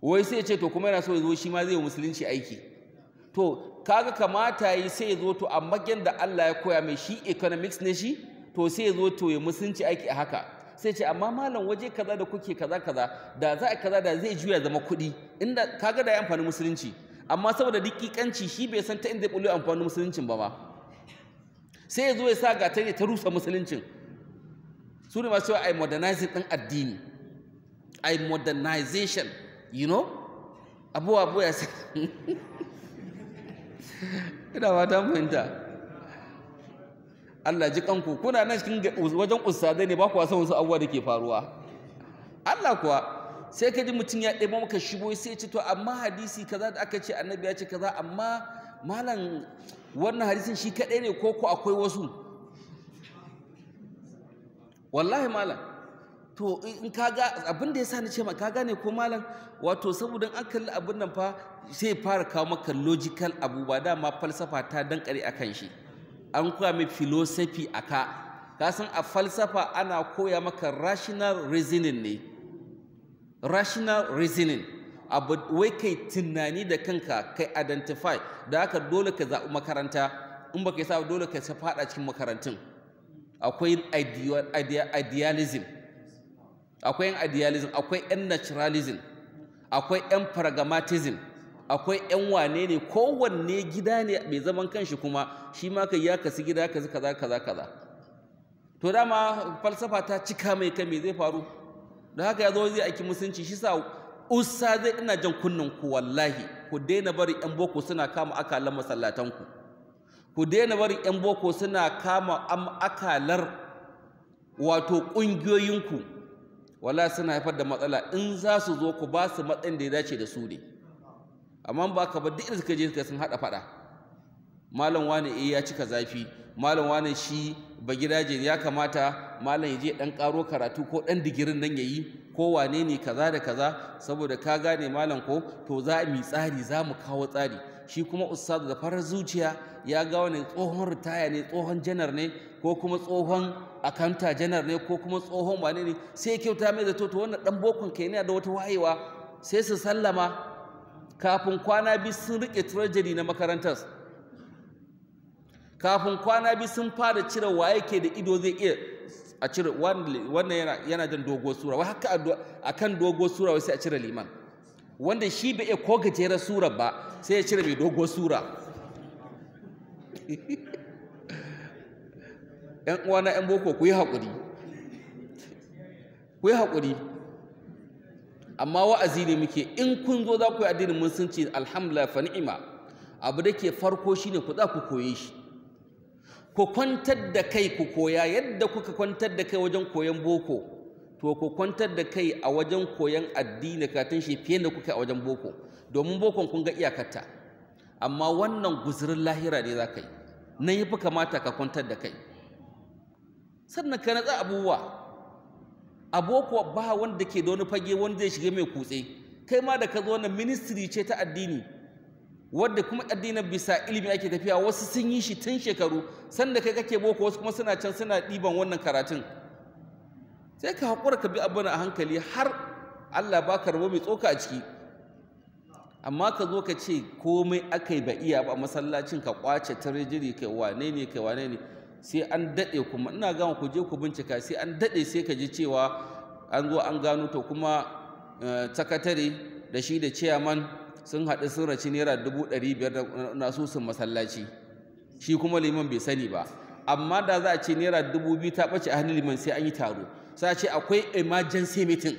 wai sai ce to kuma yana so ya zo shi ma zai musulunci aiki to kaga kamata yi sai ya zo to amma da Allah ya koya mai shi economics ne shi to sai ya zo to ya musulunci aiki a haka sai ce amma malam waje kaza da kuke kaza kaza da za a kaza da zai juya zama kuɗi inda kaga da ya amfani musulunci amma saboda dikikanci shi bai san ta inda ya bullo amfani musuluncin ba ba sai ya zo ya sa ya ta rusa musuluncin su ne masu cewa ai modernizing ɗin addini ai modernization you know abuwa abuwa ya sai ina ta fahimta Allah ji kanku kuna nan cikin wajen ustadai ne ba kuwa san wasu abuwa da ke faruwa Allah kuwa sai ka ji mutum ya ɗaya maka shigo sai ce to amma hadisi kaza da aka ce annabi ya ce kaza amma malam wannan hadisin shi kaɗai ne ko ko akwai wasu wallahi malam to in kaga abin da yasa ni ce ma ka gane ko malam wato saboda an kalli abin nan fa sai fara kawo maka logical abu ba dama falsafa ta dankare kan shi an koya mai philosophy a ka san a falsafa ana koya maka rational reasoning ne rational reasoning abu wai kai tunani da kanka kai identify da haka dole ka zaɓi makaranta in baka sa dole ka faɗa cikin makarantun akwai idealism akwai yan idealism akwai yan naturalism akwai yan pragmatism akwai yan wane ne kowanne gida ne mai zaman kanshi kuma shi ma ka yi ya kasu gida ka kaza kaza kaza to dama falsafa ta cika mai kai me zai faru da haka ya zo zai aiki musunci shi sa Usa zai ina jan kunnen ku wallahi ku daina bari ƴan boko suna kama akalan masallatan ku ku daina bari ƴan boko suna kama akalar wato kungiyoyin ku wala suna haifar da matsala in za su zo ku ba su matsayin da ya dace da su ne amma ba ka ba duk da suka je suka sun haɗa faɗa malam wane eh ya cika zafi malam wane shi ba gidaje ya kamata malam ya je ɗan ƙaro karatu ko ɗan digirin nan yayi ko wane ne kaza da kaza saboda ka gane malam ko to za mu tsari za mu kawo tsari shi kuma ustad da farar zuciya ya ga wani tsohon ritaya ne tsohon janar ne ko kuma tsohon akanta janar ne ko kuma tsohon wane ne sai kyauta mai zato to wannan dan bokon ka yana da wata wayewa sai su sallama kafin kwana bi sun rike turajeri na makarantar kafin kwana bi sun fara cire waye ke da ido zai iya a cire wannan yana jan dogo sura wai haka a kan dogo sura wai sai a cire liman wanda shi bai ko gajerar sura ba sai ya cire mai dogo sura ‘yan uwana ‘yan boko ku yi haƙuri ku yi haƙuri amma wa'azi ne muke in kun zo za ku yi addinin ce alhamdulillah fa ni'ima abu da ke farko shine ku za ku koye shi ku kwantar da kai ku koya yadda kuka kwantar da kai wajen koyon boko to ku kwantar da kai a wajen koyon addini katin shi fiye da kuka a wajen boko domin bokon kun ga iyakarta amma wannan guzurin lahira ne za ka yi na yi fi kamata ka kwantar da kai sannan ka natsa abubuwa a boko ba wanda ke da wani fage wanda zai shiga mai kutse kai ma da ka zo wannan ministry ce ta addini wadda kuma addinin bisa ilimi ake tafiya wasu sun yi shi tun shekaru sanda kai kake boko wasu kuma suna can suna ɗiban wannan karatun sai ka haƙura ka bi abin a hankali har Allah ba ka rabo mai tsoka a ciki amma ka zo ka ce komai aka ba iya ba masallacin ka kwace tarjiri kai wane ne kai wane ne sai an daɗe kuma ina gama ku je ku bincika sai an daɗe sai ka ji cewa an zo an gano to kuma eh, sakatare da shi da ciyaman sun haɗu sun raci naira dubu ɗari biyar na susun masallaci shi kuma liman bai sani ba amma da za a ce naira dubu biyu ta ɓace a hannun liman sai an yi taro sai a ce akwai emergency meeting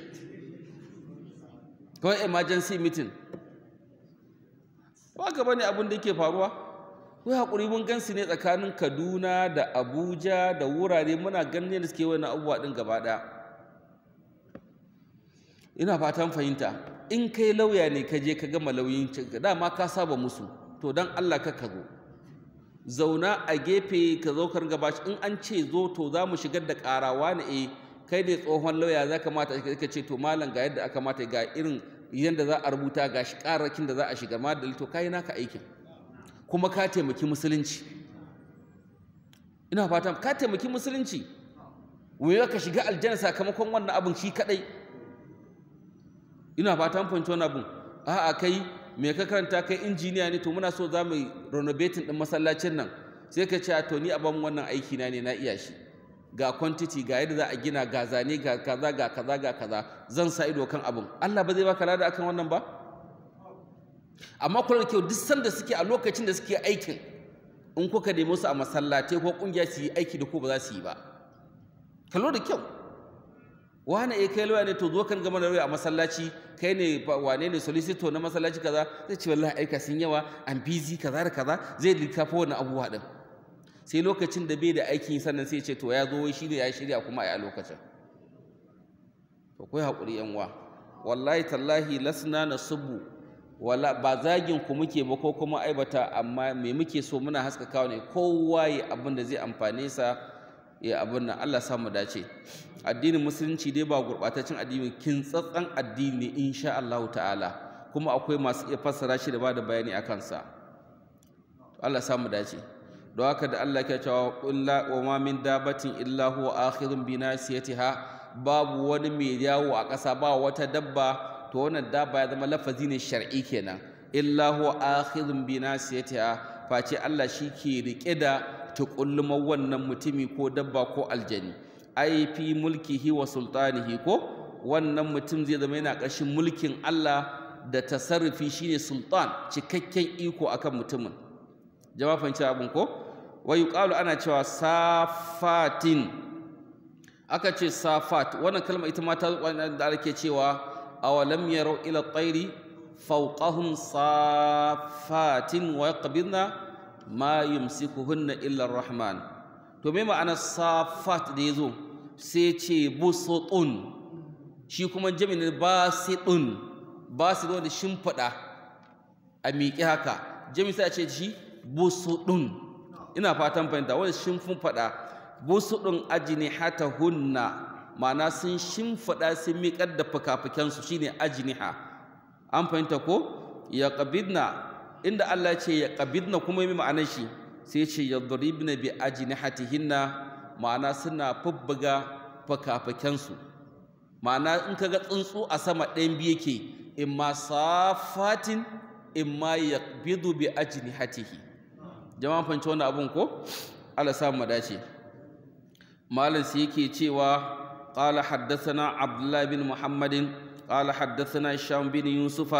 kawai emergency meeting ba ka bane abin da yake faruwa wai haƙuri mun gan su ne tsakanin kaduna da abuja da wurare muna ganin da suke wani abubuwa ɗin gaba ɗaya ina fatan fahimta in kai lauya ne ka je ka gama lauyincinka dama ka saba musu to don Allah ka zo zauna a gefe ka zo ka gaba in an ce zo to za mu shigar da ƙarawa na e eh, kai ne tsohon lauya za ka mata ka ce to malam ga yadda aka mata ga irin yadda za a rubuta ga shi ƙararrakin da za a shiga ma da to ka yi naka aikin kuma ka taimaki musulunci ina fatan ka taimaki musulunci wuya ka shiga aljanna sakamakon wannan abin shi kaɗai ina fatan fahimci wani a a'a kai mai ka karanta kai injiniya ne to muna so za mu renovating din masallacin nan sai ka ce to ni a ban wannan aiki na ne na iya shi ga quantity ga yadda za a gina ga zane ga kaza ga kaza ga kaza zan sa ido kan abin Allah ba zai baka lada akan wannan ba amma kula da kyau duk sanda suke a lokacin da suke aikin in kuka nemi su a masallatai ko kungiya su yi aiki da ku ba za su yi ba kallo da kyau wane eh kai lawyer ne to zo kan gama lawyer a masallaci kai ne wane ne solicitor na masallaci kaza zai ce wallahi aika sun yawa an busy kaza da kaza zai fa wannan abubuwa din sai lokacin da bai da aiki sannan sai ce to ya zo wai ne ya shirya kuma a lokacin to kai hakuri yan uwa wallahi tallahi lasna nasubu wala ba zagin ku muke ba ko kuma aibata amma me muke so muna haskakawa ne kowa ya abin da zai amfane sa ya abin nan Allah samu dace addinin musulunci dai ba gurɓataccen addini kintsatsan addini insha Allah ta'ala kuma akwai masu iya fassara shi da bada bayani a kansa Allah samu dace don haka da Allah ke cewa kullu wa ma min dabatin illa huwa akhirun bi nasiyatiha babu wani mai yawo a ƙasa ba wata dabba to wannan dabba ya zama lafazi ne shar'i kenan illa huwa akhirun bi nasiyatiha face Allah shi ke rike da tukullumar wannan mutumi ko dabba ko aljani ai fi mulkihi wa sultanihi ko wannan mutum zai zama yana ƙarshen mulkin Allah da tasarrufi shine sultan cikakken iko akan mutumin jama'a fahimci abin ko wai yuqalu ana cewa safatin aka ce safat wannan kalma ita ma ta da ake cewa awalam yarau ila tsairi fawqahum safatin wa yaqbidna ma hunna illar rahman to me ma'ana safat da yazo sai ce busutun shi kuma jami'in basidun basidun wanda fada a miƙe haka jami'in sai ce shi busudun ina fatan fahimta wanda shimfiɗa busudun hunna. ma'ana sun fada sun miƙar da fuka aji shine ha. an fahimta ko ya inda Allah ce ya qabidna kuma yi ma'anar shi sai ce ya yadribna bi ajnihatihinna ma'ana suna fubbuga fakafakensu ma'ana in ga tsuntsu a sama ɗayan biyu ke, in ma safatin in ma yaqbidu bi hi? jama'a fanci wani abun ko Allah sa mu dace malam sai yake cewa قال حدثنا bin الله بن محمد قال حدثنا bin بن يوسف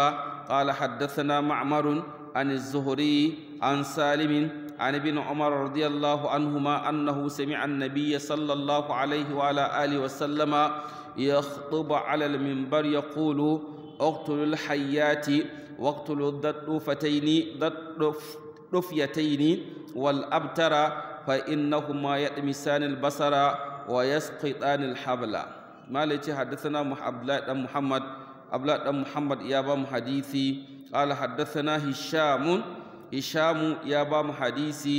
قال حدثنا معمر عن الزهري عن سالم عن ابن عمر رضي الله عنهما أنه سمع النبي صلى الله عليه وعلى آله وسلم يخطب على المنبر يقول اقتلوا الحيات واقتلوا الضفتين ضفيتين والأبتر فإنهما يطمسان البصر ويسقطان الحبل ما حدثنا محمد عبد محمد عبد محمد يابا محدثي قال حدثنا هشام هشام يا بام حديثي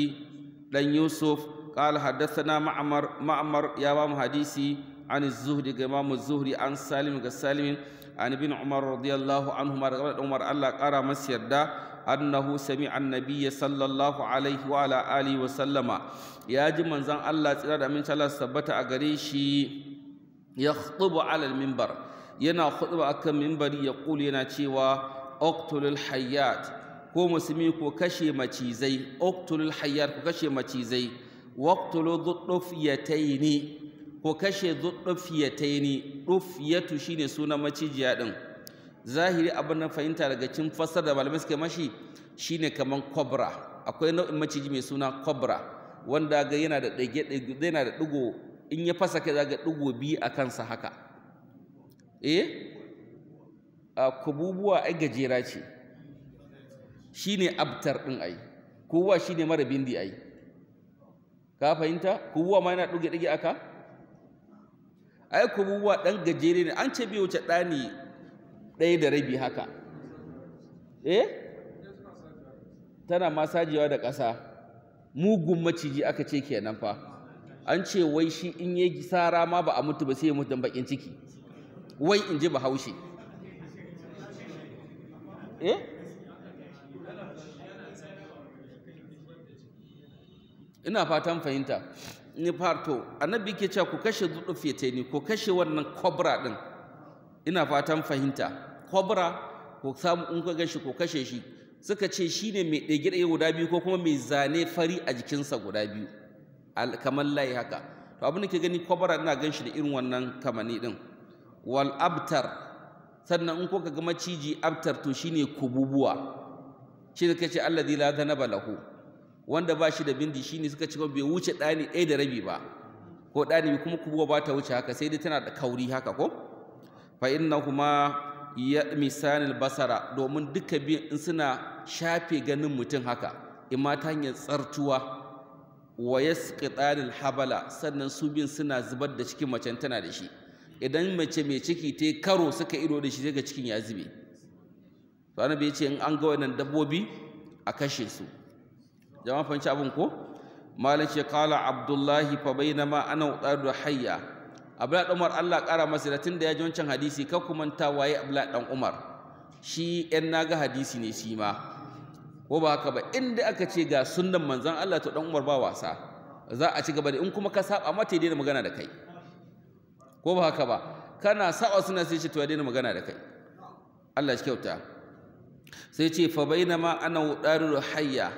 لن يوسف قال حدثنا معمر معمر يا بام حديثي عن الزهري إمام الزهري عن سالم سالم عن ابن عمر رضي الله عنهما عمر الله قرا مسيدا أنه سمع النبي صلى الله عليه وعلى آله وسلم يا جمن زان الله تعالى من الله ثبت أجريشي يخطب على المنبر ينا خطب أكم منبر يقول ينا تشيوا uqtulul hayyat ko musulmi ko kashe macizai uqtulul hayyat ko kashe macizai waqtulu dhuddufiyataini ko kashe dhuddufiyataini dufiyatu shine sunan macijiya din zahiri abin nan fahimta daga cikin fassar da malamai suke mashi shine kaman kobra akwai nau'in maciji mai suna kobra wanda ga yana da ɗage yana da ɗigo in ya fasa kai zaga ɗigo biyu a kansa haka eh kububuwa ai gajera ce Shi ne abtar din ai kubuwa shi ne mara bindi ai ka fahimta kubuwa ma yana duge duge aka ai kububuwa ɗan gajere ne an ce bai wuce ɗani ɗaya da rabi haka eh tana ma sajewa da ƙasa mugun maciji aka ce kenan fa an ce wai shi in yi sara ma ba a mutu ba sai ya mutu bakin ciki wai in ji bahaushe Eh? ina fatan fahimta ni farto annabi ke cewa ku kashe dudufe ni ku kashe wannan kobra din ina fatan fahimta kobra ku samu in ku gashi ku kashe shi suka ce shine mai dage ɗage guda biyu ko kuma mai zane fari a jikinsa guda biyu kamar layi haka to abin da ke gani kobra ina gan shi da irin wannan kamani din wal abtar sannan in kuka ga maciji abtar to shine kububuwa shi ne kace allazi la dhanaba lahu wanda ba shi da bindi shine suka ce bai wuce ɗani ɗaya da rabi ba ko ɗani kuma kubuwa ba ta wuce haka sai dai tana da kauri haka ko fa innahuma yadmisan basara domin duka bi in suna shafe ganin mutum haka imma ta hanyar tsartuwa wa yasqitan habala sannan su bin suna zubar da cikin macen tana da shi idan mace mai ciki ta karo suka ido da shi sai ga cikin ya zube to annabi ce in an ga wannan dabbobi a kashe su jama'a fanci abin ko malam ce kala abdullahi fa ma ana udar da hayya abla dan umar Allah kara masa da tunda ya ji wancan hadisi ka ku manta waye abla dan umar shi yan naga hadisi ne shi ma ko ba haka ba inda aka ce ga sunnan manzon Allah to dan umar ba wasa za a ci gaba da in kuma ka saba mata daina magana da kai ko ba haka ba kana sa'a suna sai ce to ya daina magana da kai Allah shi kyauta sai ce fa bainama ana udarul hayya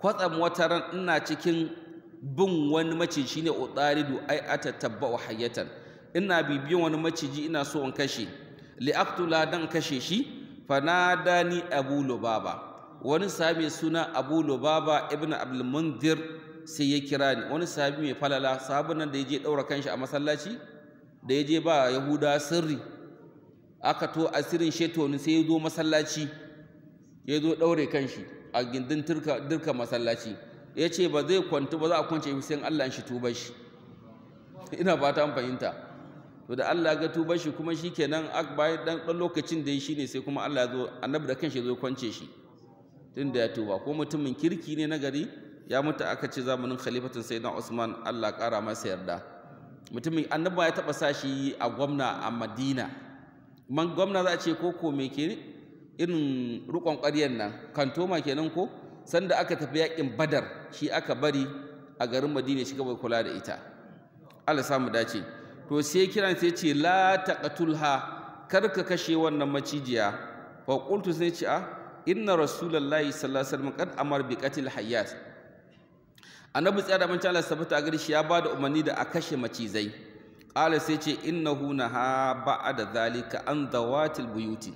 kwatsam wata ran ina cikin bin wani maciji ne udaridu ai wa hayyatan ina bibiyan wani maciji ina so in kashe li aqtula dan kashe shi fanadani abu lubaba wani sahabi suna abu lubaba ibnu abdul munzir sai ya kira ni wani sahabi mai falala sahabin da ya je daura kanshi a masallaci da ya je ba yahuda sirri aka to asirin shetoni sai ya zo masallaci ya zo ɗaure kanshi a gindin dirka masallaci ya ce ba zai kwanta ba za a kwance shi sai Allah shi tuba shi ina fata an fahimta to da Allah ga tuba shi kuma shikenan a bayan ɗan ɗan lokacin da shi ne sai kuma Allah zo annabi da kanshi zo kwance shi da ya tuba ko mutumin kirki ne na gari ya mutu aka ce zamanin khalifatin sayyidina Usman Allah ƙara masa yarda mutumin annaba ya taɓa sashi a gwamna a madina man gwamna za a ce koko mai ke irin rukon ƙwaryen nan kantoma kenan ko sanda aka tafi yakin badar shi aka bari a garin madina shi gaba kula da ita Allah samu dace to sai kiran sai ce la taqtulha kar ka kashe wannan macijiya fa qultu sai ce a ah, inna rasulullahi sallallahu alaihi wasallam kad amar bi qatil hayyat annabi tsaya da mun Allah ta a shi ya da umarni da a kashe macizai qala sai ce innahu naha ba'da zalika an zawatil buyuti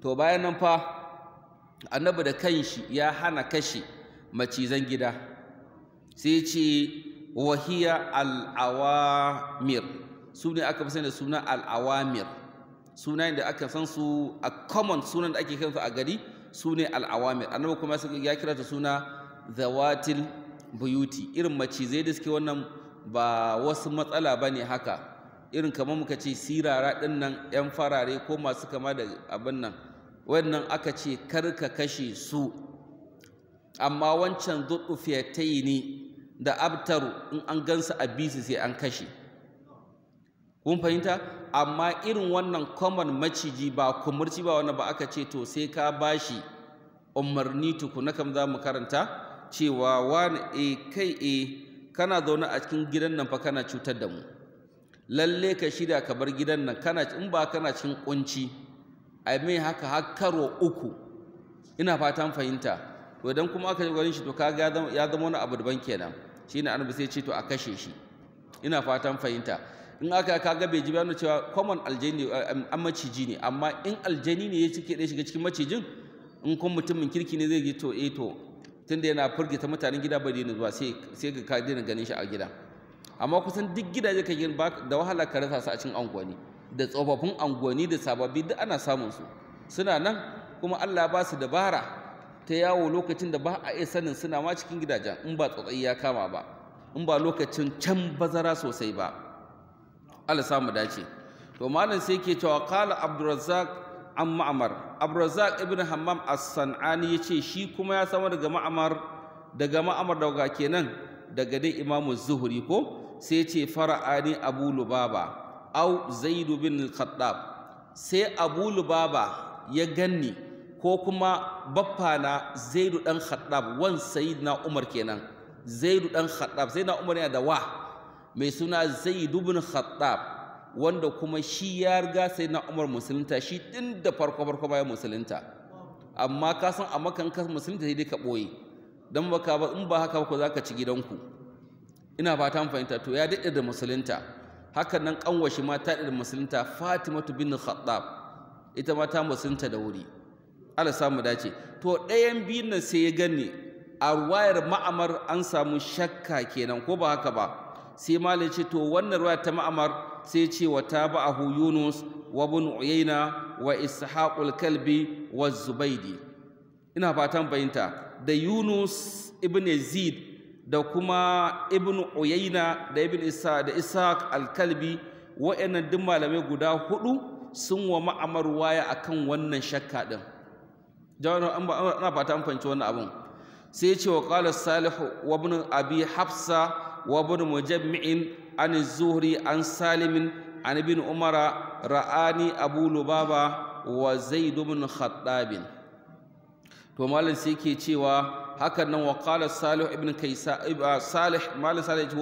to bayan nan fa annabi da kanshi ya hana kashe macizan gida sai ce wahiya al-awamir su ne aka fi sani da suna al-awamir da aka san su a common sunan da ake kiransu a gari su ne al-awamir annabi kuma ya kira ta suna zawatil buyuti irin macizai da suke wannan ba wasu matsala ba ne haka irin kamar muka ce sirara ɗin nan 'yan farare ko masu kama da abin nan wannan aka ce kar ka kashe su amma wancan zuɗufiyatai ne da abtaru in an gansu a bisu sai an kashe kun fahimta amma irin wannan common maciji ba kumurci ba wani ba aka ce to sai ka bashi umarni tukuna kam za mu karanta cewa wani e eh, kai e kana zaune a cikin gidan nan fa kana cutar da mu lalle ka shirya ka bar gidan nan kana in ba kana cikin kunci a mai haka har karo uku ina fatan fahimta to idan kuma aka gwarin shi to kaga ya zama wani abu daban kenan shine annabi sai ce to a kashe shi ina fatan fahimta in aka kaga bai ji ba cewa common aljani um, an maciji ne amma in aljani ne ya cike da shiga cikin macijin in kun mutumin kirki ne zai ji to eh to tunda yana ta mutanen gida bai daina zuwa sai ga ka daina ganin shi a gida amma kusan duk gidaje ka gina da wahala ka rasa su a cikin anguwanni da tsofaffin anguwanni da sababbi duk ana samun su suna nan kuma Allah ba su dabara ta yawo lokacin da ba a iya sanin suna ma cikin gidajen in ba tsotsai ya kama ba in ba lokacin can bazara sosai ba Allah samu dace to malam sai ke cewa qala Abdurrazzaq an ma'amar abrazak ibn hammam as-san'ani ya ce shi kuma ya samar daga ma'amar daga ma'amar daga kenan daga dai imamu zuhuri ko sai ce fara'ani abu lubaba au zaidu bin khattab sai abu lubaba ya ganni ko kuma baffa na zaidu dan khattab wan sayyidina umar kenan zaidu dan khattab sayyidina umar yana da wa mai suna zaidu bin khattab wanda kuma shi ya riga sai na umar musulunta shi din da farko farko bayan musulunta amma ka san a makan ka musulunta sai dai ka boye dan baka ba in ba haka ba ko zaka ci gidanku ina fata mun fahimta to ya dade da musulunta hakan nan kanwashi ma ta da musulunta fatimatu bin khattab ita ma ta musulunta da wuri Allah samu dace to ɗayan biyun nan sai ya gani a ruwayar ma'amar an samu shakka kenan ko ba haka ba sai Malam ce to wannan ruwa ta ma'amar sai ce wa tabi'ahu yunus wa bin uyayna wa ishaqul kalbi wa zubaidi ina fatan bayinta da yunus ibn zid da kuma ibn uyayna da ibn isa da ishaq al-kalbi wa'annan duk malamai guda hudu sun wa ma'amar waya akan wannan shakka din jawabin ana fata an fahimci wannan abin sai ce wa qala salihu wa ibn abi hafsa وابن مجمع عن الزهري عن سالم عن ابن عمر رآني أبو لبابة وزيد بن خطاب to malam sai yake cewa hakan nan wa salih ibn kaisa salih malam salih da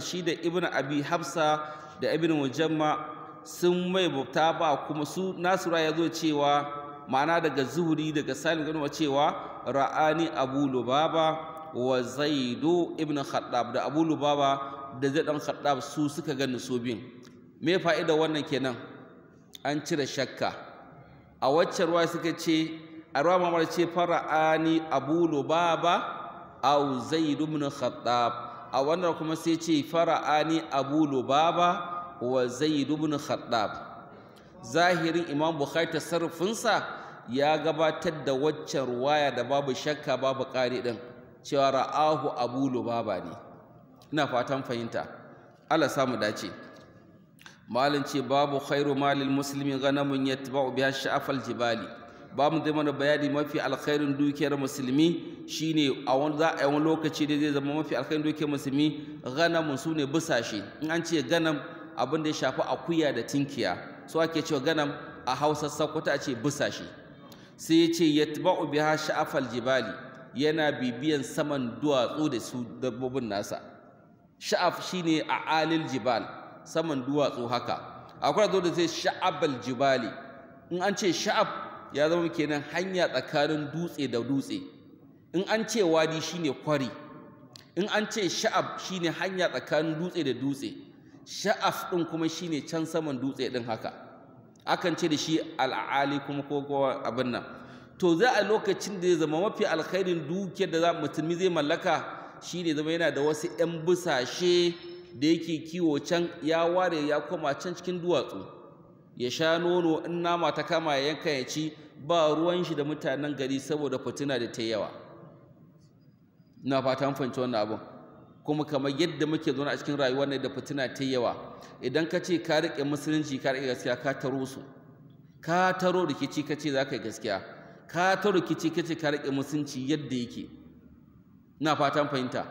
shi da ibn abi hafsa da ibn mujamma sun mai bauta ba kuma su nasura ya zo cewa ma'ana daga zuhri daga salim gano cewa ra'ani abu lubaba wa zaidu ibn khattab da abu lubaba da zai dan khattab su suka su bin? me fa'ida wannan kenan an cire shakka a wacce ruwa suka ce a ruwa mamar ce fara'ani abu lubaba au zaidu ibn khattab a wannan kuma sai ce fara'ani abu lubaba wa zaidu ibn khattab zahirin imam bukhari tasarrufinsa ya gabatar da waccan ruwaya da babu shakka babu ƙari ɗin cewa ra'ahu abu lubaba ne ina fatan fahimta Allah samu dace malin ce babu khairu malil muslimin ghanamun yatba'u biya sha'afal jibali ba mu zai mana bayani mafi alkhairin dukiyar musulmi shine a wani za a yi wani lokaci da zai zama mafi alkhairin dukiyar musulmi ganamun su ne busashe in an ce ganam abin da ya shafi akuya da tinkiya su ake cewa ganam a hausa sakwata a ce busashe sai ya ce ya yatba'u biya sha'afal jibali yana bibiyan saman duwatsu da su dabbobin nasa sha'af shine a alil jibal saman duwatsu haka akwai zo da zai sha'abal jibali in an ce sha'ab ya zama kenan hanya tsakanin dutse da dutse in an ce wadi shine kwari in an ce sha'ab shine hanya tsakanin dutse da dutse sha'af din kuma shine can saman dutse din haka akan ce da shi al'ali kuma ko abin nan to za a lokacin da ya zama mafi alkhairin dukiyar da za mutumi zai mallaka shi ne zama yana da wasu 'yan busashe da yake kiwo can ya ware ya koma can cikin duwatsu ya sha nono in nama ta kama ya yanka ya ci ba ruwan shi da mutanen gari saboda fitina da ta yawa ina fatan fahimci wannan abin kuma kamar yadda muke zaune a cikin rayuwar ne da fitina ta yawa idan ka ce ka riƙe musulunci ka riƙe gaskiya ka taro su ka taro rikici ka ce za ka yi gaskiya ka ta rikici kace ka rike musunci yadda yake ina fatan fahimta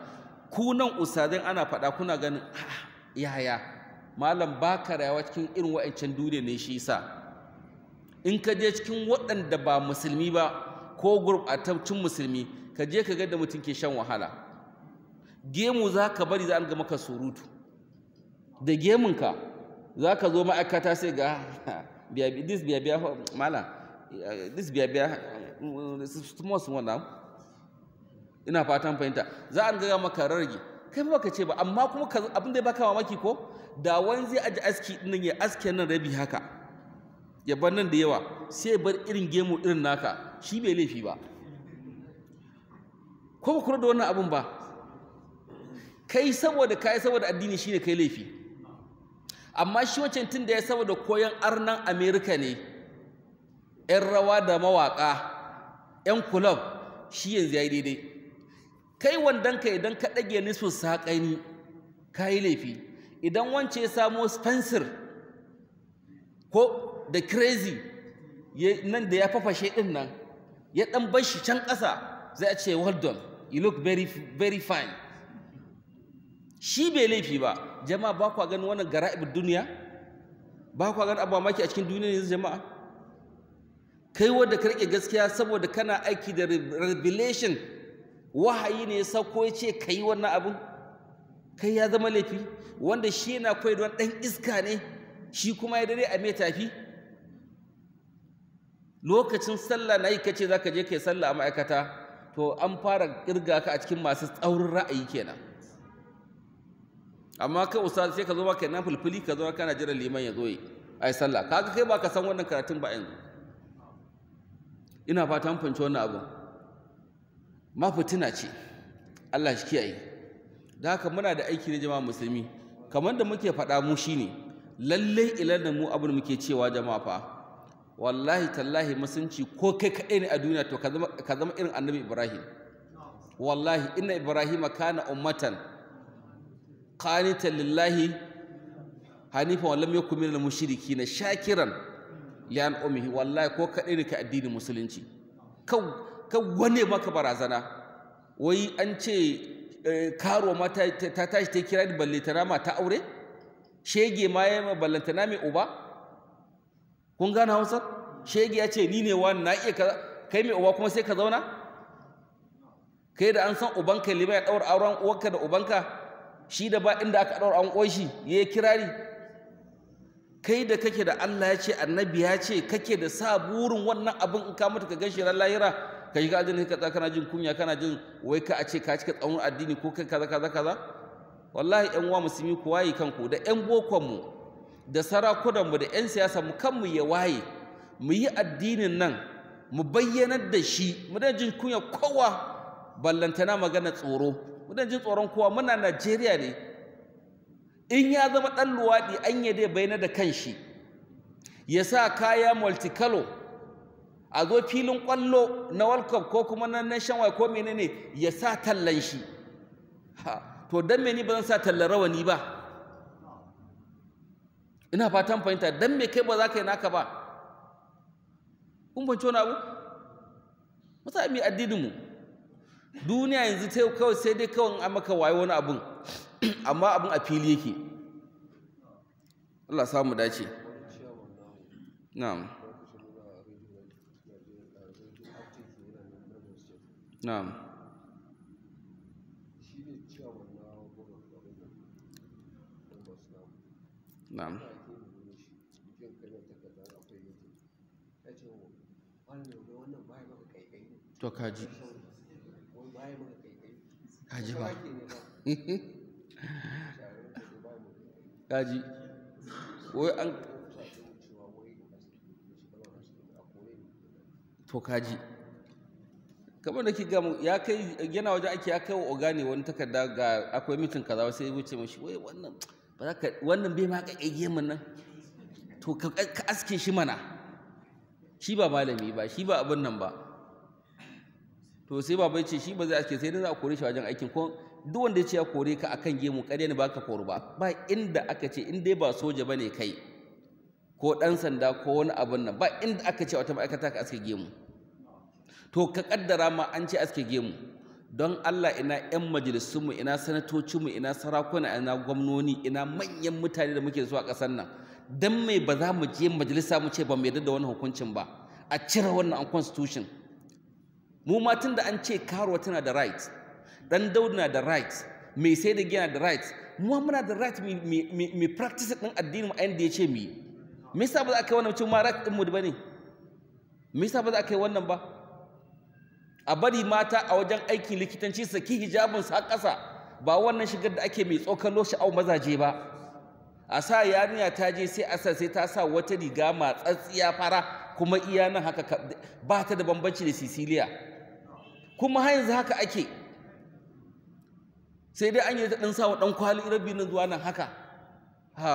ku nan ustazan ana faɗa kuna ganin yaya malam ba ka rayuwa cikin irin wa'ancan duniya ne shi yasa in ka je cikin waɗanda ba musulmi ba ko gurɓataccen musulmi ka je ka ga da mutum ke shan wahala gemu za ka bari za a ga maka surutu da gemunka za ka zo ma'aikata sai ga biya this biya biya mala Eh, this biya-biya eh, small small now ina fatan fahimta za a gaya maka rarrage kai ba ka ce ba amma kuma abin da ya baka mamaki ko da wani zai aji aski nan ya aske nan rabi haka ya bar nan da yawa sai bar irin gemu irin naka shi bai laifi ba ko ba kura da wannan abin ba kai saboda kai saboda addini shine kai laifi amma shi wancan tun da ya saboda koyon arnan america ne 'yan rawa da mawaƙa 'yan kulab shi yanzu ya yi daidai kai wandonka idan ka ɗage ni su saƙani ka yi laifi idan wance ya samo spencer ko da crazy nan da ya fafashe ɗin nan ya ɗan bar shi can ƙasa zai a ce well done you look very, very fine shi bai laifi ba jama'a ba kwa ganin wannan gara'ibin duniya ba kwa ganin abu mamaki a cikin duniya yanzu jama'a kai wanda ka rike gaskiya saboda kana aiki da revelation wahayi ne ya sauko ya ce ka yi wannan abin kai ya zama laifi wanda shi yana kwai don ɗan iska ne shi kuma ya dare a mai tafi lokacin sallah na yi kace za ka je ka sallah a ma'aikata to an fara kirga ka a cikin masu tsaurin ra'ayi kenan amma kai usta sai ka zo ba kai na fulfuli ka zo kana jiran liman ya zo yi ai sallah kaga kai ba ka san wannan karatun ba yanzu ina fata fahimci wannan abin ma fitina ce Allah shi kiyaye da haka muna da aiki na jama'a musulmi kamar da muke faɗa mu shine lallai ilan da mu abin muke cewa jama'a fa wallahi tallahi musunci ko kai kaɗai ne a duniya to ka zama irin annabi ibrahim wallahi inna ibrahima kana ummatan qanitan lillahi hanifan wallam lam yakun minal mushrikin shakiran liyan umihi wallahi ko kaɗai ne ka addinin musulunci kan wane maka barazana wai an ce eh, karo ma ta tashi ta kira ballantana ma ta aure shege ma ya ma ballantana mai uba kun gane hausar shege ya ce ni ne wani na iya kai mai uba kuma sai ka zauna kai da an san ubanka lima ya ɗaura auren uwanka da ubanka shi da ba inda aka ɗaura an ƙoshi ya yi kirari kai da kake da Allah ya ce annabi ya ce kake da sa burin wannan abin in ka mutu ka gashi ran lahira ka shiga aljanna ka tsaka kana jin kunya kana jin wai ka a ce ka cika tsawon addini ko kai kaza kaza kaza wallahi ƴan uwa musulmi ku waye kanku da ƴan bokon mu da sarakunan mu da ƴan siyasa mu kanmu ya waye mu yi addinin nan mu bayyanar da shi mu da jin kunya kowa ballantana magana tsoro mu da jin tsoron kowa muna Najeriya ne in ya zama ɗan luwaɗi an ya dai bayyana da kanshi ya sa kaya multicolor a zo filin ƙwallo na world cup ko kuma na nation wide ko menene ya sa tallan shi to dan me ni ba zan sa tallar rawani ba ina fatan fahimta dan me kai ba za ka yi naka ba kun fahimci wani abu masa mi addinin mu duniya yanzu ta kawai sai dai kawai an maka wayo wani abun amma abin a fili yake Allah samu dace na'am na'am kaji wai an to kaji kamar da ke gamu ya kai yana waje ake ya kai wa ogani wani takarda ga akwai mitin kaza sai ya wuce mashi wai wannan ba za ka wannan bai ma kakage mun nan to ka aske shi mana shi ba malami ba shi ba abin nan ba to sai baba ya ce shi ba zai aske sai dai za a kore shi wajen aikin ko duk wanda ya ce ya kore ka akan gemu kare ne baka koru ba ba inda aka ce in dai ba soja bane kai ko ɗan sanda ko wani abin nan ba inda aka ce wata ma'aikata ka aske gemu to ka kaddara ma an ce aske gemu don Allah ina 'yan majalisunmu ina sanatocinmu ina sarakuna ina gwamnoni ina manyan mutane da muke zuwa kasar nan dan mai ba za mu je majalisa mu ce ba mu yarda da wannan hukuncin ba a cire wannan constitution mu ma tun da an ce karuwa tana da right dan daud na da right mai sai da gina da right mu muna da right mai practice din addini mu ayin da ya ce mu yi me yasa ba za a kai wannan mutum ma right din mu da bane me yasa ba za a kai wannan ba a bari mata a wajen aikin likitanci saki hijabin sa ƙasa ba wannan shigar da ake mai loshi sha'awar mazaje ba a sa yarinya ta je sai a sa sai ta sa wata riga matsatsiya fara kuma iya nan haka ba ta da bambanci da sisiliya. kuma har yanzu haka ake sai dai an yi ta ɗan sawa ɗan kwali rabi na zuwa nan haka ha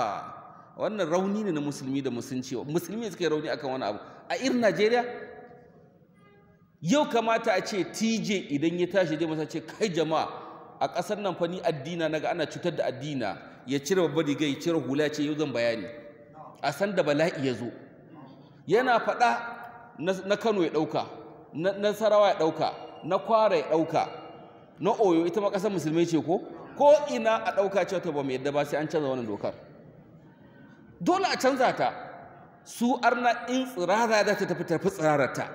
wannan rauni ne na musulmi da musulunci musulmi suka yi rauni akan wani abu a irin najeriya yau kamata a ce tj idan ya tashi je masa ce kai jama'a a ƙasar nan fani addina naga ana cutar da addina ya cire babbar riga ya cire hula ce yau zan bayani a san da bala'i ya zo yana faɗa na kano ya ɗauka na nasarawa ya ɗauka na kwara ya ɗauka na oyo ita ma ƙasar musulmai ce ko ko ina a ɗauka cewa ta ba mai yadda ba sai an canza wannan dokar dole a canza ta su arna in tsirara za ta tafi tafi tsirararta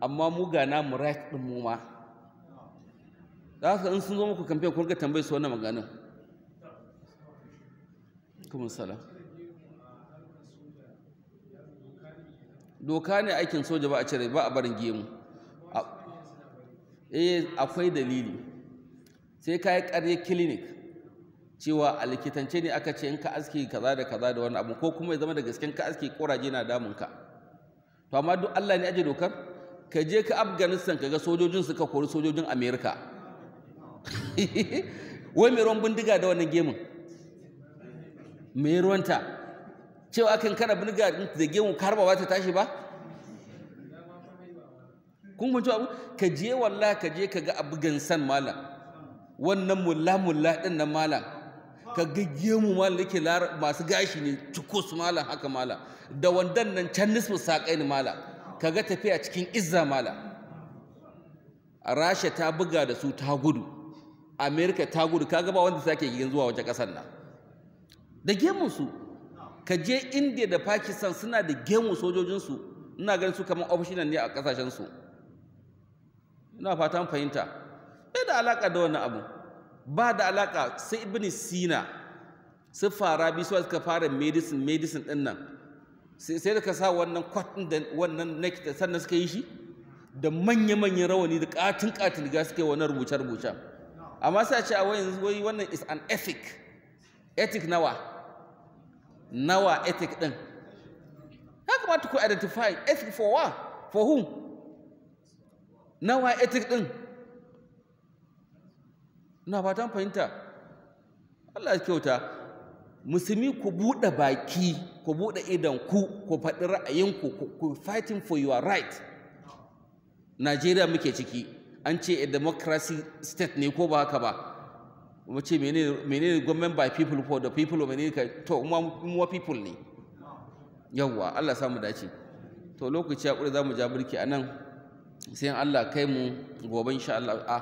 amma mu ga namu right ɗin mu ma za su in sun zo muku kamfen kun ga tambayi su wannan maganin kuma salam doka ne aikin soja ba a cire ba a barin gemu eh akwai dalili sai ka yi ƙarye clinic cewa a likitance ne aka ce in ka aski kaza da kaza da wani abu ko kuma ya zama da gasken ka aski ƙoraje na damun ka to amma duk Allah ne aje dokar ka je ka Afghanistan ka ga sojojin suka kori sojojin America wai mai ruwan bindiga da wannan gemun mai ruwanta cewa akan kana bulga da gemu ka harba ba ta tashi ba kun fahimci abu ka je wallahi ka je ka ga abu gansan mala wannan mulla mulla din nan mala ka ga gemu mala yake masu gashi ne cikus mala haka mala da wandan nan can nisbu saƙai ne mala ka ga tafiya cikin izza mala rasha ta buga da su ta gudu amerika ta gudu ka ga ba wanda sake yin zuwa wajen ƙasar nan da gemunsu su ka je india da pakistan suna da gemu sojojinsu ina ganin su kamar ofishinan ne a ƙasashensu ina fatan fahimta bai da alaƙa da wannan abu ba da alaƙa sai ibn sina su fara bi su suka fara medicine medicine ɗin nan sai da ka sa wannan kwatin da wannan nakita sannan suka yi shi da manya-manyan rawani da katin katin ga suke wannan rubuce-rubuce amma sai a ce a wannan is an ethic ethic nawa nawa ethic ɗin ya kamata ku identify ethic for wa for whom nawa ethic ɗin na ba tan fahimta Allah ya kyauta musulmi ku buɗe baki ku buɗe idan ku ku faɗi ra'ayinku ku fighting for your right Najeriya muke ciki an ce a democracy state ne ko ba haka ba mu ce the government by people for the people menene ka to mu people ne yawwa Allah samu dace to lokaci ya kure zamu ja burki anan sai Allah kai mu gobe insha Allah a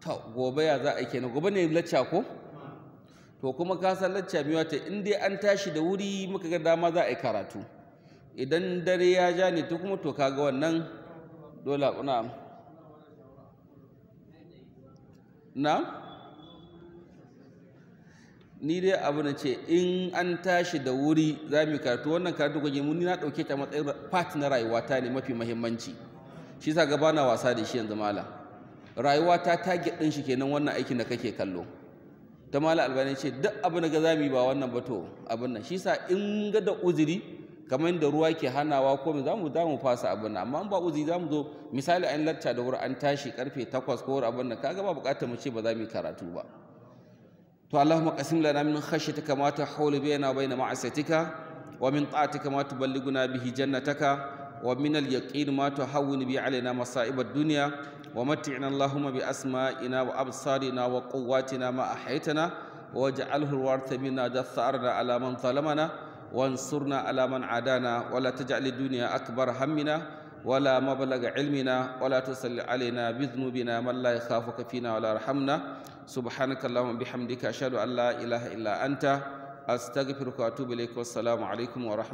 to gobe ya za a kenan gobe ne lacca ko to kuma ka san lacca miwa ta in dai an tashi da wuri muka ga dama za a yi karatu idan dare ya ja ne to kuma to kaga wannan dole kuna na ni dai abu na ce in an tashi da wuri za mu karatu wannan karatu ko gemu ni na ɗauke ta matsayin part na rayuwata ne mafi mahimmanci shi sa gaba na wasa da shi yanzu mala rayuwata target din shi kenan wannan aikin da kake kallo ta mala albani ce duk abu na ga za mu yi ba wannan ba to abin nan shi sa in ga da uzuri kamar da ruwa ke hanawa ko za mu za mu fasa abin nan amma in ba uzuri za mu zo misali an latta da wuri an tashi karfe takwas ko abin nan kaga ba bukatar mu ce ba za mu yi karatu ba تو اللهم قسم لنا من خشيتك ما تحول بيننا وبين معصيتك ومن طاعتك ما تبلغنا به جنتك ومن اليقين ما تهون به علينا مصائب الدنيا ومتعنا اللهم بأسمائنا وأبصارنا وقواتنا ما أحيتنا واجعله الوارث منا دثارنا على من ظلمنا وانصرنا على من عادانا ولا تجعل الدنيا أكبر همنا ولا مبلغ علمنا ولا تسل علينا بذنوبنا من لا يخافك فينا ولا يرحمنا سبحانك اللهم بحمدك أشهد أن لا إله إلا أنت أستغفرك وأتوب إليك والسلام عليكم ورحمة